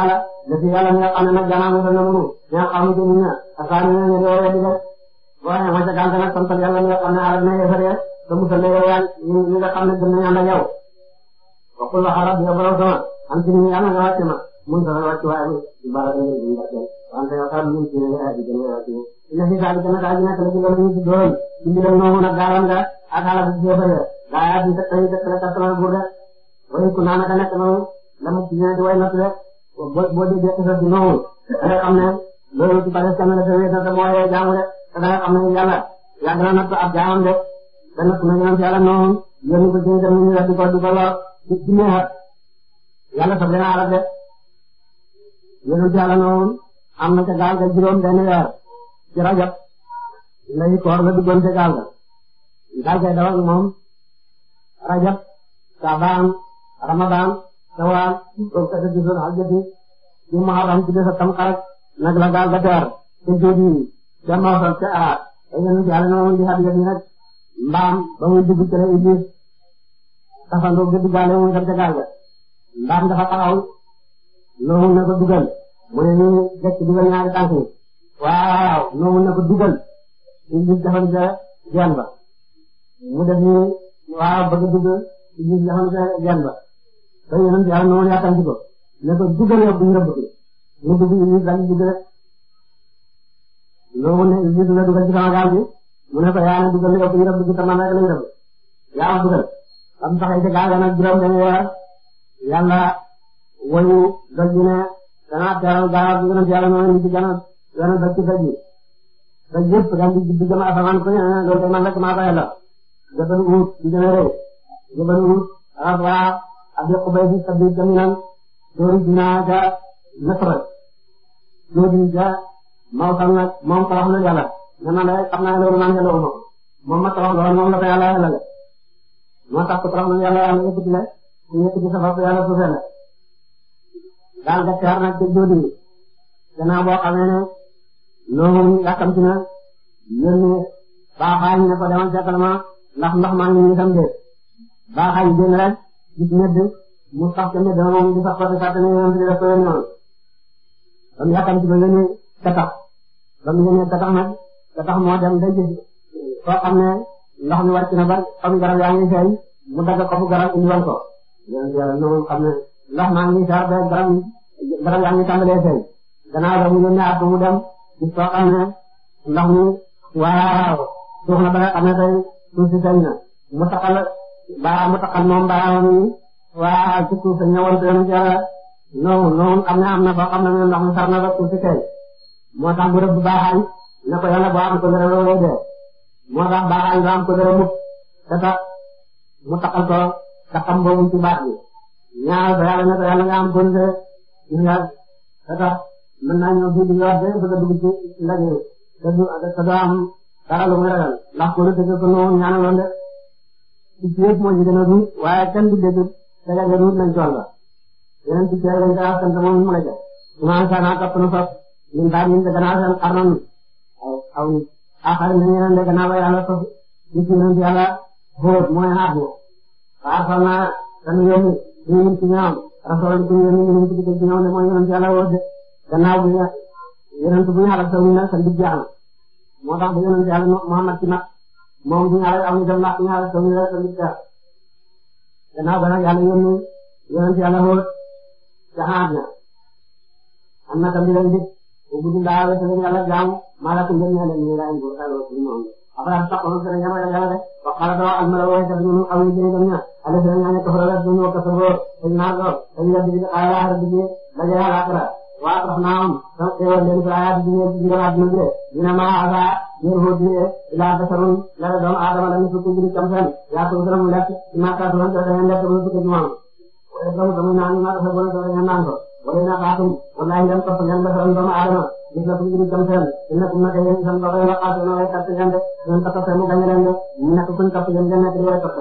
la léegi yàlla na nga xam ne nag dana amul dana amul mais xamu ci ñun ña asaani ña ñu doon wér-gu-wér boo nee ma ca gàncax nag sant yàlla na nga xam ne aar na yéex a réer te mu tënk yow yaa ñu ñu nga xam ne gën nañu ànd ak yow waxul la xarab yow borom sama am ci ñun yàlla nga wàcc ma mun dana wàcc waaye mu baara dana dina wàcc wante yow xam ñu ci ne yaa di gën a wàcc yow. léegi daal di gën a daal di nekk léegi loolu ñu ci doon ñu ngi leen noonu nag gaaroon nga ak xalaat bu jéem a réer daa yaa di dëkk dañuy dëkk la kattanal buur de wala ku naan ak a nekk noonu la mu ci ñëwee di way natt de boo boo déggee xisar bi noonu da ngay xam ne loolu ci bàyyi sànni la te wéetal te mooy jaamu de te da ngay xam ne yàlla yàlla dana natt ab jaamam de te natt na yonent yàlla noonu yónni ko ci dem ñu la di ko di ko lor ci ci neexat yàlla soble na arab de yonent yàlla noonu am na ca gaal ga juróom benn weer ci rajab lay koor la duggoon ca gaal ga gaal ga dawal moom rajab saabaan ramadaan sawaal soo ko defee zone aljadi bi muharram ci des a tamxarit nag la gaal ga teer te jooju ca noosal ca araat te ñun ci àll bi nga xam ne mbaam ba muy dugg ci la Iblis taxandoo gëdd gaale muy dem ca gaal ga mbaam dafa taxaw noomu na ko dugal mu ne nii dëkk dugal ñaari tànk yi waaw noomu na ko dugal Iblis jaxoon ca genn ba mu def nii waaw bëgg dugg Iblis jaxoon ca genn ba. te yéen a ngi noonu yàqal ci ko ne ko duggal yow duñ la bëgg ñu dugg ñu dañu dugg rek loolu ne Iblis yaa ngi duggal yow duñ la bëgg te man rek lañ dugg yaa ma duggal am saxee ca gaal ga nag juróom bi ne danaa teeral gaal kay man maa ko yàlla jëbal uut di gën a rëy jëbal uut أبي قبيب سبيل جميلا جوردنا جاء نصر جوردنا جاء موطن موم طرحنا جالا نما لا خمنا لو نان جالا وما موم طرح لو موم لا يالا يالا ما تاك طرحنا يالا يالا يبدنا يبدنا سبب يالا سبحانه daal de xeer nag dëgg dëgg gannaaw boo xamee ne loolu yàkkamti na yónni baaxaay ñu ne ko demal seetal ma ndax ndox maa ngi nii itam de baaxaay génn rek gis ñebe mu sax te ñebe moom du sax côté Fatou Seye yéen a ko yéen ñëwoon. ba mu yaakaar ci ba yéene katax ba mu yéene katax nag katax moo dem day gis soo xam ne ndox mi wàcc na ba xobu garab yaa ngi fay mu dagg xobu garab indiwal ko. yéen yàlla loolu xam ne ndox maa ngi saa ba garab garab yaa ngi tàmbalee fay gannaaw ba mu yónnee at mu dem gis soo xam ne ndox mi waaw suuf na ba nga xam ne tey suuf si fay na mu taxal. baaraamu taxal moom baaraamu yi waa ci suuf ñëwal benn jara noonu noonu xam ne am na boo xam ne ndox mu sar na ba suuf si tey moo tax bu rëbb baaxaay ne ko yàlla boo am ko dara looloo dee moo tax baaxaay boo am ko dara mukk te tax mu taxal ko taxam boobu ci baax bi ñaar ba yàlla ne ko yàlla nga am bonde gis nga te tax mën naa ñëw fii di yor de bëgg a dugg ci ndaje te du te du am dara lu muy ragal ndax ko lu tëjee ko noonu ñaanaloon de ci géej moo ci gën a ruut waaye kenn du dégg daga nga ruut nañ tool ba yeneen ci ceeb lañ koy wax sant moom mu la jox. souvent ça naa topp na foofu ñun daal ñu ngi ko gannaaw seen xarnu aw aw nit aaxar nañ yeneen de gannaaw ba yàlla foofu ñu ci yeneen ci yàlla xóot mooy xaar ñu waaw xam naa dañu yónni ñu ngi ci ñoom rafetlu ko ñu ngi ñu ngi ci ñoom de mooy yeneen ci yàlla woote gannaaw bi yeneen bu ñu xalaat sa wuñ la sa digg jaaxal moo tax bu yeneen ci yàlla Muhammad ci nag moom su ñaareel am itam natt ñaareel soo ñaareel tamit caal gannaaw ba nag yàlla yónni yonent yàlla xool ca xaar na am na tamit leen di ubbi laa weesu leen yàlla jaamu maanaam suñu benn yàlla ñu ngi laaj boo xaaral suñu moom après am sax kon su ne ñaareel ak yàlla de wax xaaral doo am na la wooyee tamit ñu aw ñu jëlee dem ñaar allé seen ñaareel ko fa la weesu ñu woo ko sa boor dañu naan lool dañu la digg xaaral laa xaaral digg daje xaaral waaw tax naa am sama xéwal leen si ayaat bi ñu dundal adduna bi de ñu ne maa asa ñun foofu ñu ne ilaa basarun la doomu aadama la ñu sukk bi kam seen yaa ko gërëm lekk ci maa kaa doon dafay lekk ba sukk ci moom wala doomu doomu naan maa dafa bon dafay naan ko wala na xaatum wallaahi leen topp leen basarun doomu aadama ñu la sukk bi kam seen ñu nekk na ko yéen seen loxo yi waxaat na way katt leen de ñu topp seen mu gañ leen de ñu nekk suñ topp yéen ngeen nekk di way topp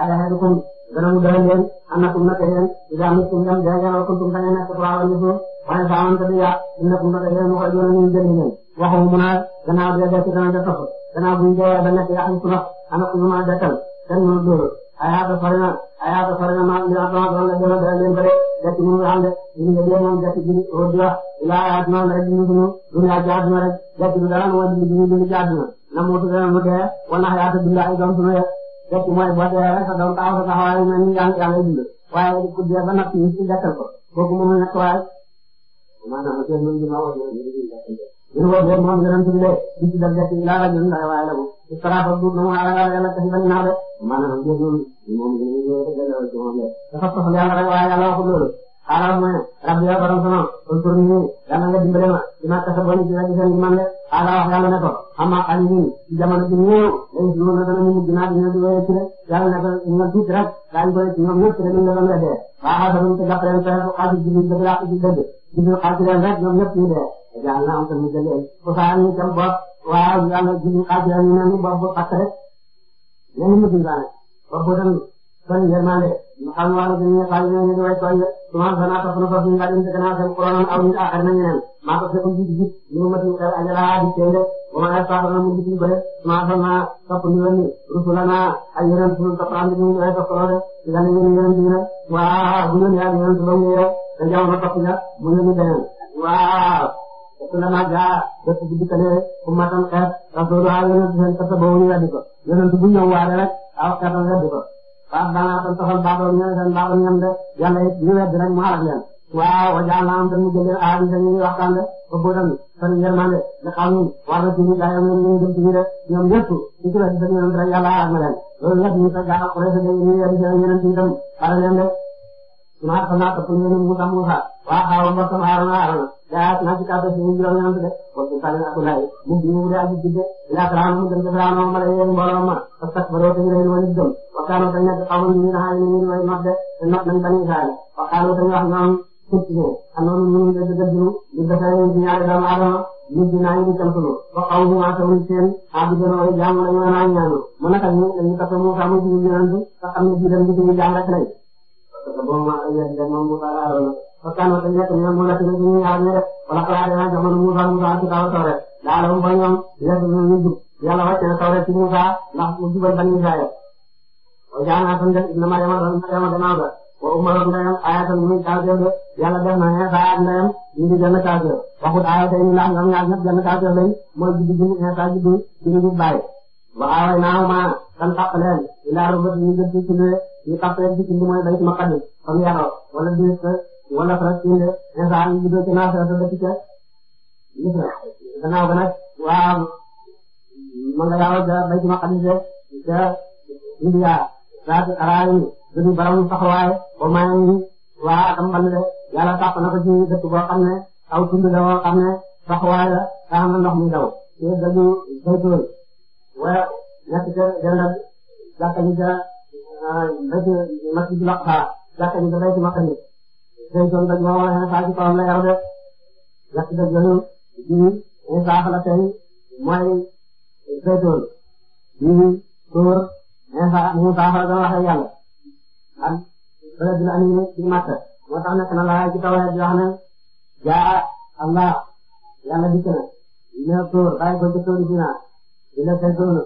ala hadikum dana mu doy leen annakum naka yéen idaa mittum ngeen dee ngeen wa kuntum da ngeen nekk turaaban ni suuf waaye saa man tëdd yaa innakum naka yéen mu xajoona ñu jëli leen waxum mu naa gannaaw dee dee ci dana def topp gannaaw buñ dee ba nekk yaa xasu ndox annakum ñu maa dekkal kenn mënu dóoru ayaata sori na ayaata sori na ma li ma sama doon la jëloon doy leen ba de dekk ñu ngi am de ñu ngi dee moom dekk ji wóor di wax ilaa ayaat noonu rek ñu suñu dunya jaaduna rek dekk du dara nu wa di ñu jaaduna na mu tuddee mu dee wala ayaata dundaa ay doom suñu rek fekk mooy boo dee rek doon taxaw sa taxawaay ñu ne yaa ngi yaa ngi dund waaye ku dee ba natt ñu ci dekkal ko kooku moom la nekk waaye maanaam seen mën gi ma wax ñu ngi ñu ko dee moom yonent bi de ñu ci def def yi laa la jëm ndax waaye la bu ci saraafa du na mu ala la yàlla kasi bañ naa de maanaam seen moom moom ñu ngi ñu ngi ko delloo ci moom de dafa soxla yàlla rek waaye yàlla waxul loolu xaaral mooy rabbi yow borom sama unsurni yàlla nga dimbale ma ci ma kasa boni ci rek seen gi man de xaaral wax yàlla ne ko xama xali nii ci jamono ji néew day suur na dana mu dinaa dina di wéyee ci rek yàlla ne ko ñoom tuuti rek daañu ko ci ñoom ñëpp ci rek ñu doon weddee waaxaa sabuñ ko jàppaleen pexe xaasi jibi dëgg laa ci dëgg jibi xaasi leen rek ñoom ñëpp ñu dee yàlla na am tan mu jëlee ko saa ñu tam bopp waaw yàlla jibi xaasi leen ñu ne ñu bopp bu xat rek leen mu dinaa bopp bu tam kon yërmande xam nga wàllu benn xaalis bi ñu ngi koy soññ souvent danaa toog na ko fi ñu daal di njëkk naa seen kuréeloon aw nit àqal nañu leen maa ko fekkum jiitu jiitu ñu ngi mën a ajalaa di teew de ba ma ay saafara mu ngi ciy bëre souvent danaa topp ñu leen ni rusulanaa ak yeneen suñu toppalante ñu ngi koy toppaloo de ci la ñu ngi leen di ne waaw bu ñu yaa di leen suba ñu yore te jaww ma topp nga mu ngi leen beneen waaw rusulanaa gaa dëkk ko yeneen bu ñëw waare rek aw Fass Balaa kon soxal Baabal ñëwee seen Baabal ñam de yàlla it ñu wedd rek mu xalaat leen waaw wa jàll am te mu jëlee aar yi dañuy waxtaan de ba bootam fan yërmande nga xam ni war na ci ñu gaa yam ñu jëm ci ñu de ñoom ñëpp ñu ci wedd seen yoon rek yàlla aar na leen loolu nag ñu ko jaaxal ku nekk dañuy yéen seen yeneen ci itam xale leen de su ma xalaat ko ñu mu sax mu xaar waa xaaral ma sama xaaral ma xaaral gaa naa si kàddu si ñun juróomi yonent de kon su tànnee ak Abdoulaye ñun bii mu dee ak Jide ila Fir'awn mu dem ca Fir'awn ma la yéen mbooloo ma fastakbaru te ñu leen woon gëm waxtaanoo te nekk xaw ma ñu naa ñu ñu lay not de te not nañ Bani Israël waxtaanoo te ñu wax ñoom surtout ne am na ñu ñu dëgg dëgg ñu ñu defee ñu ñaari doomu aadama ñu di naa ñu di tamtulu ba xaw ma maa sawul seen maa bi gën a way jaamu la ñu naa ñaanu mu naka ñu dañu tax mu xamu ci yonent te xam ne bii dem bi ñu jàng rek lay parce que bon maa ay yéen dem moom bu xaaral Fakkan wa te nekk ñu ne mu nekk ñu ñu ñaar ñu def wala xalaat dana jamono Musa Musa ci taw tawret daal mu ba ñoom def ñu jub yàlla wàcce na tawret ci Musa ndax mu jubal ban Israël. Wa jaana tan def ibna Maryama doon Maryama gannaaw ga wa umaroon ndeyam ayatan muy kaaseer de yàlla def na Insa ak ndeyam ñu di gën a kaaseer waxut aaya tey ñu ndax ñoom ñaar ñëpp gën a kaaseer lañ mooy juddu bi ñu Insa juddu ci ñu bàyyi. Wa aaway naaw ma kan taq leen ilaa rëbët ñu jël ci ci ñu taq leen ci ci mooy bayt maqadis comme yaroo wala biir wala presque ñun de instant yii ñu doon seen affaire de dëkk ca gannaaw ba nag waaw man la yàlla ja béy ci ma xam ne ca India saa si xalaat yi dëgg borom taxawaay ba maa ngi waa atam ban de yàlla tàpp na ko ci dëkk boo xam ne aw tund la boo xam ne taxawaay la daa am ndox mi daw ah, ci dëgg baytoon wala nekk ca jëndal jàkka ñu ca béykat masjid laqba jàkka ñu ca béykat maqdis seytaane dañu war a Isaa ci kawam la yar de yàq dëgg yàlla ji Isaa la tey mooy seytaane ji tóor Isaa Isaa la doon waxee yàlla ak bële dina am ñu ci màkk moo tax nekk na laay ci tawreet yoo xam ne jaa Allah yàlla dikk na dina tóor bàyyi ko ci tóor dina dina seytaane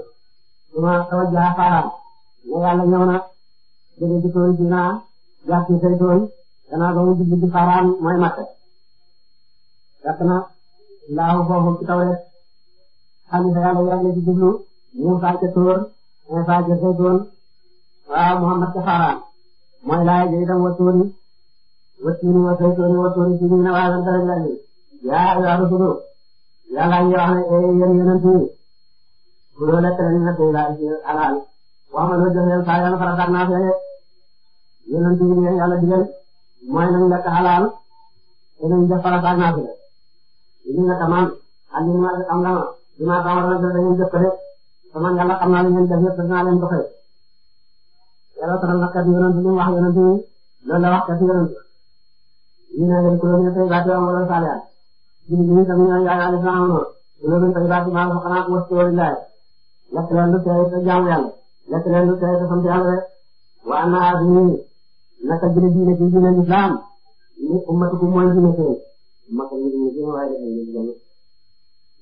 dina taw jaa faaraam ne yàlla ñëw na dina ci tóor dina jaaxle seytaane danaa doon jublu ci xaaraan mooy Makka fekk na laahu foofu ci taw rek xalifa la ci jublu Muusaa ca Tóor Muusaa ca Zaytuun Muhammad ca xaaraan mooy laay ja wa tuuri wa tiini wa zaytuuni wa tuuri siiniina wa haazal baladi al-amiin yaa ayyuha rusulu yàlla ngi wax ne yéen yonent yi kuluu lekk leen mina tayyibaati al-halaal waxuma loo jox leen saa mooy nañ lekk xalaal te nañ def farata ak naafila li nga tamaan ak li ma am la li ma taw rek da ngeen jëf ko de sama yàlla xam naa li ngeen def yëpp dinaa leen ko fay yàlla saxal na kat yonent li mu wax yonent yi loolu la wax kat yonent ñu ne leen ku la ñu tey baati am wala saaliyaat ñun ñun itam ñooy yaay Aliou Sow amoon na loolu tey baati maa fa xanaa wër si wër laay lekk leen lu tey te jaamu yàlla lekk leen lu tey te sant yàlla rek wa anna aadini naka gën a diine ci diine lislaam ni ummatukum mooy diine seen maka ñu diine seen waaye dafay ñu diine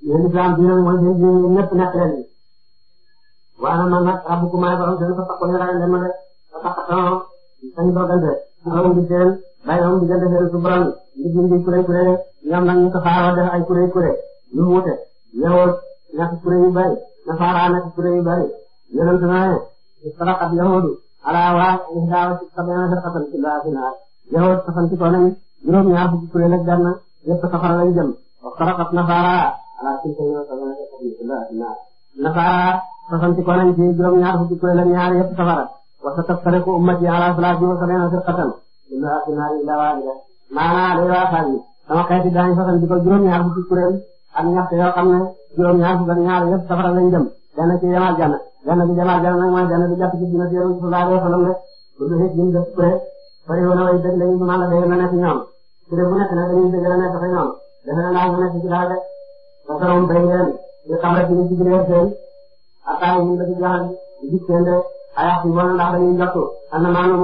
yéen lislaam diine mooy seen diine ñëpp nekk leen waana man nag rabbukum ay borom seen fa takkoon ragal leen ma de fa takkatoo sañ dogante xarum di seen bàyyi xarum diggante seen su borom ndig ndig kuréel kuréel ñoom nag ñu ko faaroo def ay kuréel kuréel ñu wute yowoot nekk kuréel yu bari nasaara nekk kuréel yu bari yonent na ne istarakat yahudu ala wa ihda sab'ina firqatan fi al-nar yow tafanti ko nañ juróom ñaar fukki kuréel ak benn yépp safara lañ jëm wa xaraqat nafaara ala tilka sab'ina firqatan fi al-nar nafaara tafanti ko nañ ci juróom ñaar fukki kuréel ak ñaar yépp safara wa satafariqu ummati ala salatin wa sab'ina firqatan fi al-nar illa wahida maana lay waa xaali sama xeeti daañu fasanti ko juróom ñaar fukki kuréel ak ñaxte yoo xam ne juróom ñaar fukki ak ñaar yépp safara lañ jëm dana ci yemal janna janna bi jama jana nag mooy janna bi jàpp ci dina teeru sallallahu alayhi wasallam rek lu dul ñu def ko rek bari wala way dëgg lañu mën a la na nekk ñoom ci bu nekk nag dañuy dëgg la nekk fa ñoom dafa na laaj mu nekk ci daal de ba karam bay ngeen ñu xam rek ñu ci gënal seen ataay ñu la ci jaxal di seen de ay ak mo la dañuy jottu ana maanu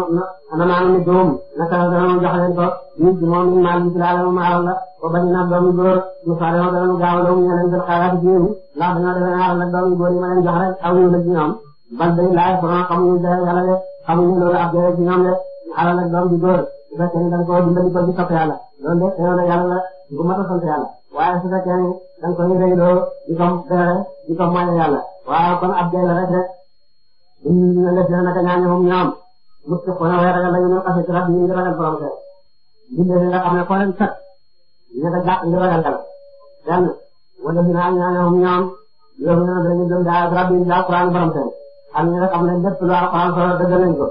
ana maanu doom naka la dañu jox leen ko ñu ci moom ñu maal ci la la maal la ba bañ nag doomu góor ñu faale woon danañ gaaw a doomu ñeneen jël xaaral ci yéen ndax dañoo defee ñaar nag doomu góor yi ma leen jox rek aw ñu la ci ñoom bal day laaj xaroon xamuñu jaay yàlla de xamuñu loolu ab jaay ci ñoom de xaaral ak doomu góor su fekkee ni da nga koo dimbali ko ci sopp yàlla loolu de xëyoon na yàlla la bu mat a sant yàlla waaye su fekkee ni da nga koy reyloo di ko beere di ko moye yàlla waaw kon ab jaay la rek rek ñu ne def naka ñaañu moom ñoom mu ci xone way ragal la ñu ne xase ci rab ñu ngi ragal borom te bindee nga xam ne ko leen kat ñu ko jàpp ngir ragal kenn wala dinaa ñaanal ñoom ñoom ñoom dañuy gëm daal rabbi bi daal Qur'an borom seen xam nga xam ne lépp lu Alxuraan solo dëgg nañ ko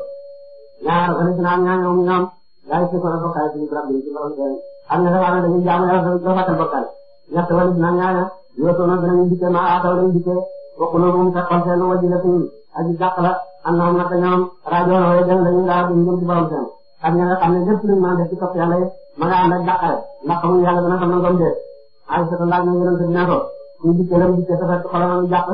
ñaar wala dinaa ñaanal ñoom daal ci ko bokkaal ci rabbi ci borom seen xam nga dafa am dañuy jaamu Yàlla do fatal bokkaal ñett wala dinaa ñaanal ñoo toona dinañu dikkee ma aataw dañu dikkee bokk na moom sa xol seen wajilatun aji dàq la am na am naka ñoom rajo wala dañuy daal di ngëm ci borom seen xam nga xam ne lépp luñ mën a def ci topp Yàlla ma nga ànd ak dàqare ndax xamul yàlla dana ko nangam de ay sa laaj na yonent bi ne ko kuy dikkee lam dikkee sa fekk xolam lu jàpp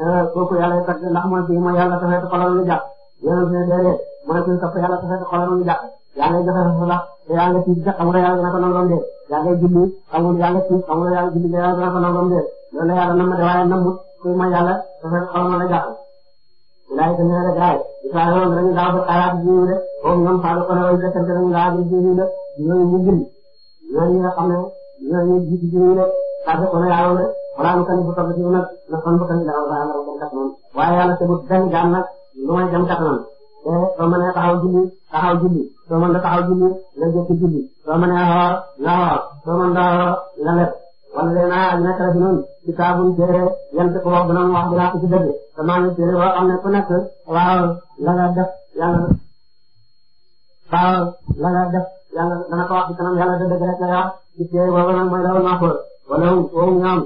eh, kooku yàlla kat ndax mooy kuy mooy yàlla sa fekk xolam lu jàpp yonent bi ne déedéet mooy kuy topp yàlla sa fekk xolam lu jàpp yaa ngay joxe sa lax te yaa nga tiit xamul yàlla dana ko nangam de yaa ngay julli xamul yaa nga tiit xamul yàlla julli yàlla dana ko nangam de loolu la yàlla namm de waaye nammut kuy mooy yàlla sa fekk xolam la jàpp laay tamit rek gaay Ibrahima dañu daaw ba xalaat jiw de moom ñoom Fallou Konawe yi de sant nañu laa bi jiw de ñooñu ñu bind ñooñu nga xam ne ñooñu jiitu ci ñu ne parce que kon yàlla ne wala mu kan bu toog ci nag na kon bu kan daaw ba la ko kattan waaye yàlla te bu dañ daan nag lu may dem kattan te soo mënee taxaw julli taxaw julli soo mën da taxaw julli nga jëkk julli soo mënee xoor nga xoor soo mën da xoor nga leb wala day naa nekk rek noonu ci kaabu téere yan ko wax dina wax dina ko ci dëgg te maa ngi téere boo xam ne ku nekk waaw la nga def yàlla waaw la nga def yàlla dana ko wax ci kanam yàlla dëgg rek la yor ci kii boobu nag mooy dawal naa ko wala woowu ñoom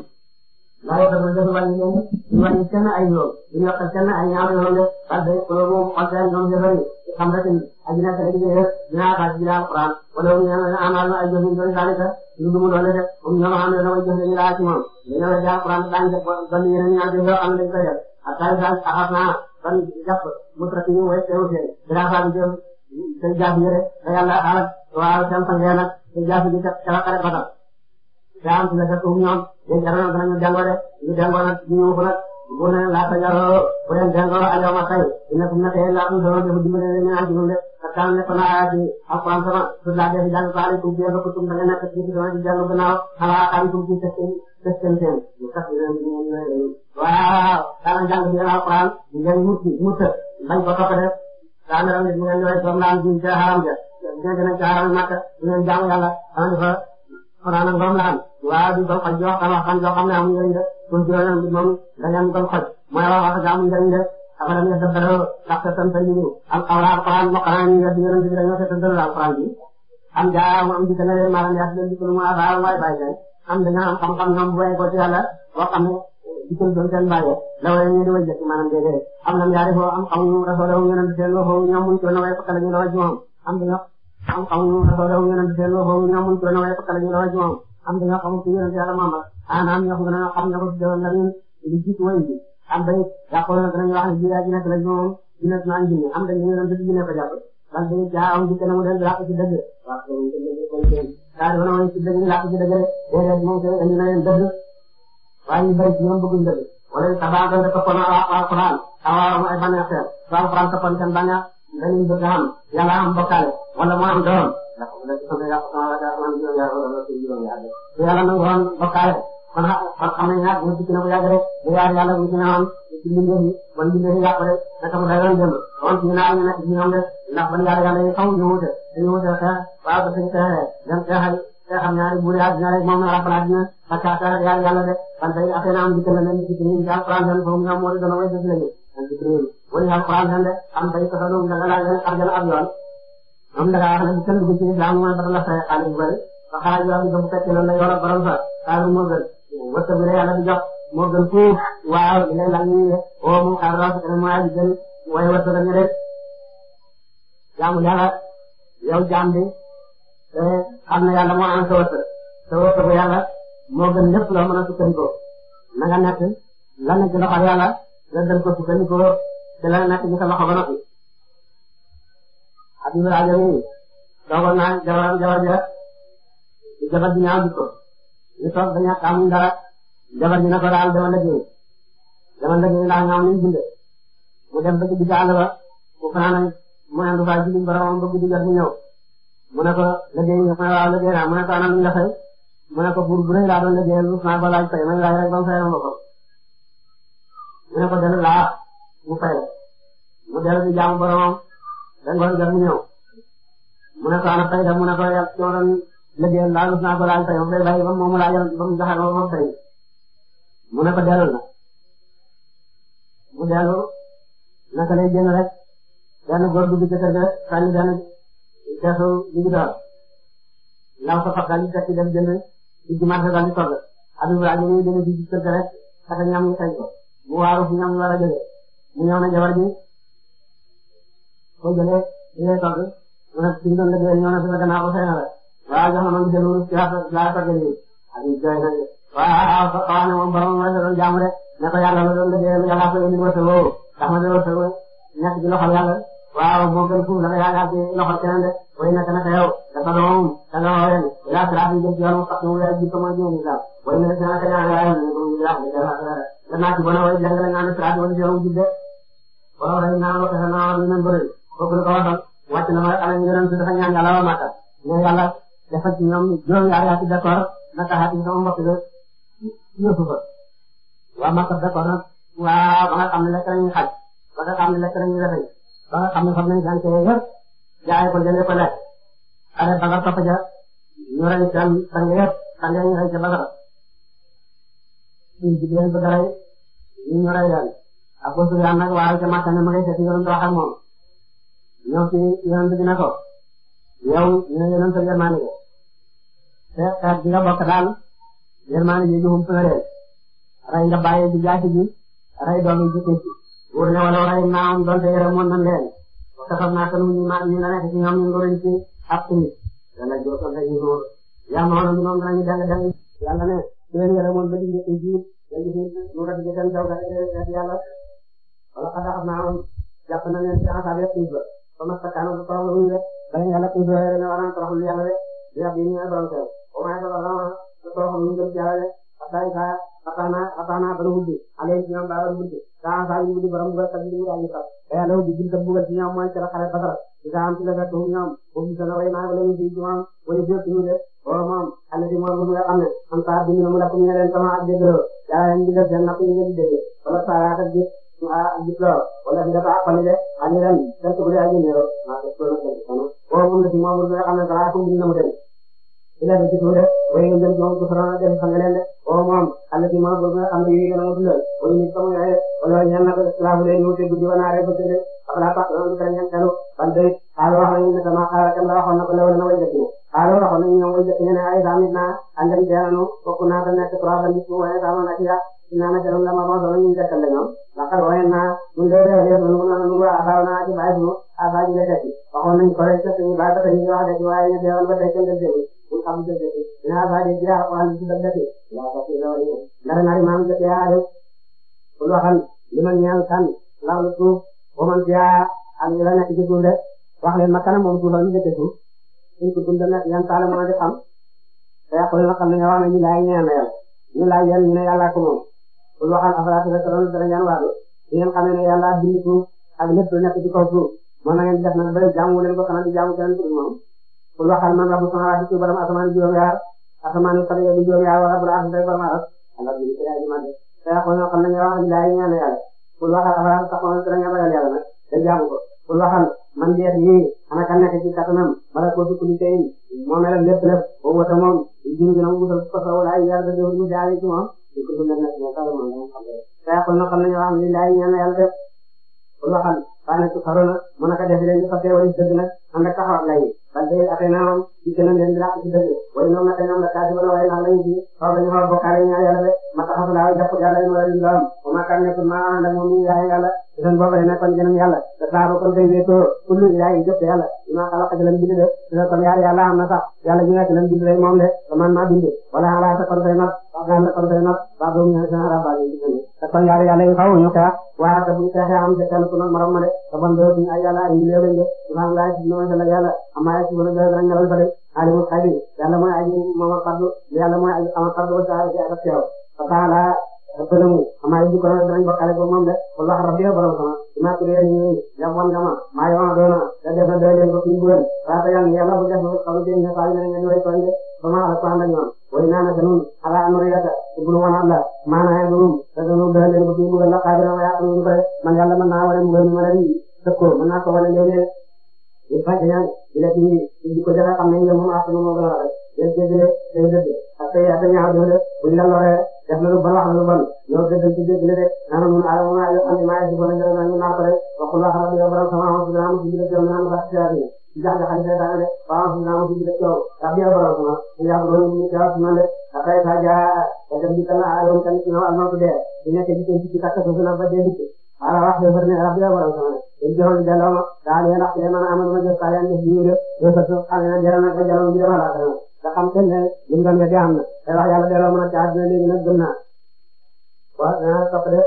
laay def na def wàññi leen ñu wàññi kenn ay ñoom ñu yokkal kenn ay ñaar ñoom de parce que loolu moom xol seen ñoom jëfari xam rek aji nekk rek ñu yëpp dinaa xaaj bi daal Alxuraan wala ñu ne amaal na ay jëf ñu doon saalika ñu dumu doole de comme ñoom xam ne dama jëf dañu laa ci moom ñu ne la jaar Alxuraan daan jëf ba ñu yeneen ñaar jëf yoo xam ne dañ koy def ak taay sax axas naa ban jàpp mu traité ñu wéy teewu seen dinaa xaaj jëf say jaasi ji rek te yàlla alal waaw seen sangee nag say jaasi ji ca la xare badal te am si la ca tuum ñoom léegi jaroon danañu jàngoo de ñu jàngoo nag ñu ñëw fa nag bu ne laata jaroo bu leen jàngoo al yawma tey dina kum nekk laa kum doon defu dimbale leen ñaan ci ñun de ak kaan nekk na aaya ci alquran sama su laa def jàng faale kum biir ba kutum da nga nekk ci sama di jàng gannaaw xalaa xam tum ci seseen seseen seen mu tax leen ñu waaw daana jàng bi alquran di leen mut mut bañ ko topp def daanaka ñu ngi ñëwee toog naan jiw ca xaram ja dégg nañ ca xaram Makka ñu ngi jaamu yàlla xanaa dafa xanaa nag doom naan waaye du doon xoj yoo xam xam yoo xam ne amuñu njëriñ de pour juróomi moom da ngeen doon xoj mooy wax wax nga amuñu njëriñ de affaire yi dafa doon tax a sant ñu ñëw. al Alxuraan mboq naa ñu njëriñ yonent bi dañoo fekk dëgg Alxuraan bi am jaa mu am di gën a leen maanaam yaa ci leen di ko lu mu affaire waaye bàyyi leen am dañoo am xam-xam ñoom bu bàyyi ko ci yàlla boo xam ne ci seen doon seen bàyyi la waaye ñu di way jëkk maanaam déedéet am nam yaa defoo am xamuñu rasoolewu yonent seen waxoo ñoom muñ ko na way fakk la ñu la way ci moom am dañoo am xamuñu rasoolewu yonent seen na way fakk la ñu la way ci moom am dañoo xamu ci yonent yàlla Muhammad anaam ñoo xam ne xam na ko way bi am dañ yàqoo nag nañu wax ne jiraa ji nekk la moom am dañ yonent bi ne ko jàpp parce na mu del làq ci dëgg waaw daa way ci dëgg làq ci dëgg rek déedéet moom kay waaye ñu bëri ci ñoom bëgguñ dëgg wala tabax nga toppoon alxuraan xawaaram ay bànneex seen ba alxuraan toppoon seen bànneex nga ñu bëgg xam yàlla am bokkaale wala mu am doom ndax bu dee ci soxla yàlla sama rajo ak man juróom yàlla wala suñu juróom yàlla te yàlla nag woon bokkaale kon ah kon xam nañ ah nag bu ci na bu yàgg rek bu yaar yàlla bu ci naan ci mbindeef yi wala mbindeef yi yàqu rek naka mu dayoon jëm kon ci naan ñu nekk ci ñoom de ndax ban yàlla yàlla yi xaw ñu wute dañu wute xeex waaw ba suñu xeexee dem xeexal te xam naa ne bu dee àddina rek moom la rafetla àddina ak kàttan yàlla yàlla de man tey affaire naa am dikk la leen dikk ñu daal Alxuraan leen foofu ñu am wala dana way def lañu ak dikk réew wala Alxuraan leen de am tey sa doom da nga laaj leen arjana ab yoon moom da ngaa wax ne bu kenn dugg ci islam mooy dafa la fay xaalis bu bëri ba xaalis yoo xam ne bu fekkee loolu la yor ak borom sa xaalis moo gën wërsëg bi la yàlla di jox moo gën fuuf waaw li lay laaj ñu ne oo moom xaalis laa fekk ne mooy di gën waaye wërsëg dañu de jaamu yàlla yow jaam bi eh, xam ne yàlla moo am sa wërsëg sa wërsëgu yàlla moo gën lépp loo mën a sukkandikoo na nga nekk la nekk loxo yàlla nga dem ko sukkandikoo te la nekk ñu sa loxo ba noppi. ak Ibrahima nii toogoon naa jabar jabar bi rek jabar bi ñaaw ko ñu toog ba ñàkk amuñ dara jabar bi na ko daal dama liggéey dama liggéey ndax ñaaw nañ dundee mu dem ba ci digg àll ba mu fanaan mu ànd faa ji bi boromam ba guddi jot mu ñëw. mu ne ko liggéey mu ne ko waaw liggéey ko anam ñu nga fay mu ko buur laa doon liggéeyal rus naa ba laaj fay may laaj rek ko mu laa mu fay mu dellu di jaamu boromam da ngoon jot mu ñëw mu ko ana fay da mu ne ko yàlla ñoo doon liggéeyal laa rus naa ba laaj fay ma fay bàyyi ba mu mu laajal ba mu joxal ma ba mu fay mu ko dellu na mu dellu naka lay génn rek benn góor dugg ci kër ga sànni benn xeetu dugub daal law sa fab daal di fekk dem jënd ci marché daal di togg Habib Ibrahima ñu ngi demee fii ci kër ga rek fekk ñam ñu xëy ko mu waaru fi ñam ñu war a jëlee mu ñëw na jabar ji ko jëlee li ngay togg mu ne fi mu doon liggéeyal ñëw na fi la gannaaw ba fay na la waaw jox na ma jël wurus laa laa togg lii Habib jooy na waaw waaw ne moom borom mooy la doon jaamu de ne ko yàlla la doon liggéeyal yàlla ko indi wërsëg woowu tax ma de wërsëg nekk ci loxol yàlla waaw moo gën suuf dafa yaakaar ci loxo keneen de way naka naka yow dafa doon da nga woo leen ila siraat yi jëm ci yoonu sax mu weer ji ko mooy jëm islam way naka naka ñaan waaye ñu ko ñu wax da da na ci bona way jàng la ñaan siraat wala yoonu jidde wala ray na lo tax na wala ñu bëri ko ko waxal wàcc na ma ala ñu gënal ci dafa ñaan yàlla wa mata ne yàlla dafa ci ñoom juróom yaar yaa ci d'accord naka haati sama mbokk de ñu fa wa mata d'accord waaw ba nga xam ne lekk nañu xaj ba nga xam ne lekk nañu rafet ba nga xam ne xam nañ daan cee wër jaay ko jëndee ko lekk arrêté ba nga topp ca ñu rey seen sang yëpp sang yi ñu rey ca Badara ñu jigéen ba dara ñu ñu rey leen Abu Sufyaan nag waaye ca Makka ne ma ngay seet ñu doon wax ak moom ñëw ci yonent bi ne ko yow ñu ne yonent bi yërmaane ko te xeet bi nga bokk daal yërmaane ji juum fële rey nga bàyyi ji jaasi ji rey doolu ji ko ci buur ne wala wala naam donte yaramoon nañ leen parce que xam naa que ñu ma ñu la nekk ci ñoom ñu ngi ci ak tamit yàlla jokkal nañu buur yaa ma woon ñoom danañu dang dang yàlla ne su leen yaramoon ba di njëkk ji dañu fi ñu rafet ci seen kaw rek yàlla wala xanaa xam naa moom jàpp na leen ci asaabi ak tuuti ba ba ma sakkaanoo ba toroxlu wuñu rek ba leen yàlla tuuti rek ne maanaam toroxlu yàlla rek di ab yi ñu ay borom kër au moins ba ba toroxlu ñu jëm ci yàlla rek ak saa yu saa Fassana Fassana ba la ubbi Aliou si ñoom daal la ubbi saa saa yu bëgg borom bu wér-gu-wér yi daal di faral te yàlla ubbi bunte bu wér ci ñoom mooy ca xale Badara di saa am ci la fekk ñoom foofu sa nawee naa la ñu ci moom wala biir suñu def wala moom àll bi moom bu nga xam ne am saa bi mu la ko ñu leen sama ak dégg lool yàlla leen di def seen napp yi ngeen di déggee wala saa yaa ak gis ak gis lool wala bi dafa àqali de ak ñu leen fekk bu dee ak ñu néew waaw def ko nag boobu moom la ci moom bu nga xam ne saa yaa ko mu dina mu demee ila da ci ko def way ngeen dem ko farana dem sangalene o moom alla ci ma bëgg am yi ngeen mo dundal way ni sama yaay wala ñaan na ko laafu leen ñu te guddi wana rek ko de abla pa do tan ñaan talu ban day xaal wax nañu ne sama xaal kan la waxoon na ko lawal na way jëkki xaal waxoon nañu ñoom way jëkki ne ay damit na andam jaanu bokku na da nekk trois ban ko way da na ci ya ina na jaru la ma ma do ñu jëkkal de ñoom la xal way na ñu de de de ñu na ñu wa xaal na ci baay ñu aba ji la ci waxoon nañu ko rek ci ñu baay ba ñu wax de waaye ñu deewal ba tay kenn de ɗum kam jogde ina haɓaade jiyaa ko an dallate la basira wa ɗum ndara nari maam jogde yaade kul waxal liman ñeel kan lawlu suuf waman fiyaa ak ñi la nekk ci suuf de wax leen ma kanam moom suufam njëkk suuf in kuntum dana yan taala moo di xam te yàqul na xam ne wax na ñu laay ñeel na yàlla ñu laay yéen ñu ne yàlla ko moom kul waxal afala tadakkaruun dana ngeen waadu ngeen xamee ne yàlla bind suuf ak lépp lu nekk ci kaw suuf moom na ngeen def nag ba jaamu leen ko xanaa di jaamu keneen moom kul waxal man rabbu samaawaati ci borom asamaan juróom-yaar asamaan yu kawe di juróom-yaar wa rabbul arshi borom aras allah bi ci aji mag te wax ñoo xam nañu wax billahi ñaan yàlla kul waxal afala ko kul waxal man deet nii ana kan nekk ci kattanam mala ko ci kulli seen moo melam lépp lépp boo wota moom jin gi na mu musal ko sa wala yàlla de ñu daal ci moom ci kullu nak nak mo kala mo xam te wax ñoo xam nañu wax billahi ñaan yàlla waxal xanaa xarala mu naka def leen ñu fas yéene dëgg nag ànd ak taxawal lay bal tey atay naa moom ci keneen leen di laaj ci dëgg waaye ñoom nag ñoom nag kaa ci bële waaye naa lañu ci xaw ma ñu xaw a bokkaale ñaar yàlla de ma taxaw laa jàpp yàlla ñu war a yëngal am ma kan nekkul maa ànd ak moom ñu yaay yàlla te seen bopp rek nekkoon gënam yàlla te saa ba kon tey weesoo kullu ilahi jëpp yàlla li ma xalaat ak lan bind de te kon yaar yàlla am na sax yàlla ji nekk lan bind de moom de te man maa bind wala xalaat kon tey nag wax naan la kon tey nag baax na mu ñëwee seen arab baax nañu si te kon yàlla yàlla yi xaw ma ñu xeex waaye te bu ñu xeexee am te kenn ku nekk morom ma de te bon doo suñu ay yàlla ay mbir lañ de subhanallah si ñoom seen ak yàlla amaa yàlla si mën a joxe danañ ñëwal fa de alimul xaybi yàlla mooy aji moom ak fardu yàlla mooy aji am ak fardu ba saa si ak teew fa taala bëlëmu amaa yi ko danañ bokkale ko moom de wallahi rabbi borom sama dinaa tuddee nii yàlla wan nga ma maa yoon doona te def na doy leen ko fi ñu bëri waaye te yàlla yàlla bu def xamu jëriñ ne saa yu ne ngeen ñëwee tooñ de ba ma alquran la ñoom وإنا نحن على أن نريدك تقولون الله ما نعيبهم فسنو بهل ينبطي مغلا قادرا ويعقلون بره من يلا من نعور مغلا مرمي تكو من نعطوا ولا ليه يفاك يعني التي يجيكو جرى قمنا يوم عقلوا مغلا يجدل يجدل حتى يأتي يعدل وإلا الله يحمل البر وحمل البر يوجد الجدل جلد نحن من أعلم ما يقل ما يجب أن يجرى من نعطره وقل الله رب يبرا سماعه سبحانه سبحانه سبحانه سبحانه jax-jaxal seytaane de waaw xam naa ma dugg de coow ndax dina borom ma ndax borom ñu caaw si man de après ça jaa dem di kan ayoon kan ci wàllu nopp de di nekk di seen ci kàttan su na fa dee dikk wala wax de far ne ndax dina borom sama de di joxoon delloo ma daa ne ndax de man amal ma jëf kaayaan def ñu de do sa so xam na dara na ko jaloon bi dama la ko da xam kenn ne ñu doon nga am na te wax yàlla delloo ma ci àdduna léegi nag gëm naa wa na topp de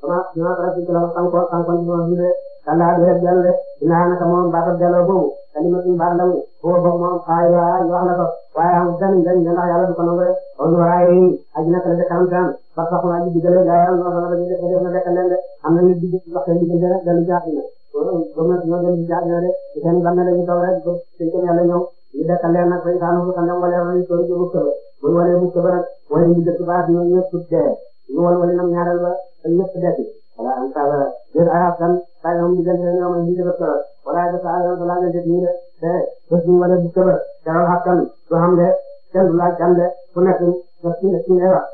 sama na ko ci la xam ko xam ko ñu de kalla du def dellu de dinaa naka moom baatab delloo boobu kalimatun baat la mu foofu boobu moom xaay waa wax na ko waaye amul benn njëriñ la ndax yàlla du ko nangu rek au niveau raay yi aji naka la ca kanam saan parce que xuma ji digale gaa yàlla noo xam ne dañuy def def na fekk leen de am na nit di wax seen diggante rek dellu jaar na boobu nag ñoo dellu jaar na de ci seen ban dañu toog rek ba seen kër yàlla ñëw ñu dekkal leen nag fay saanu ko ndam wala wala sori bu këba bu walee bu këba nag wala ñu dëkk baat ñoom ñëpp dee ñu wal wala nam ñaareel ba ñëpp dekk wala an kaaba jër arab tan tayi hom diggante ne ñoom ñu def ko wala da sa ala wala nga def nii de te bés bu wala bu këba keroog ak kan du xam de kenn du laaj kan de ku nekk sa ci ci ngay wax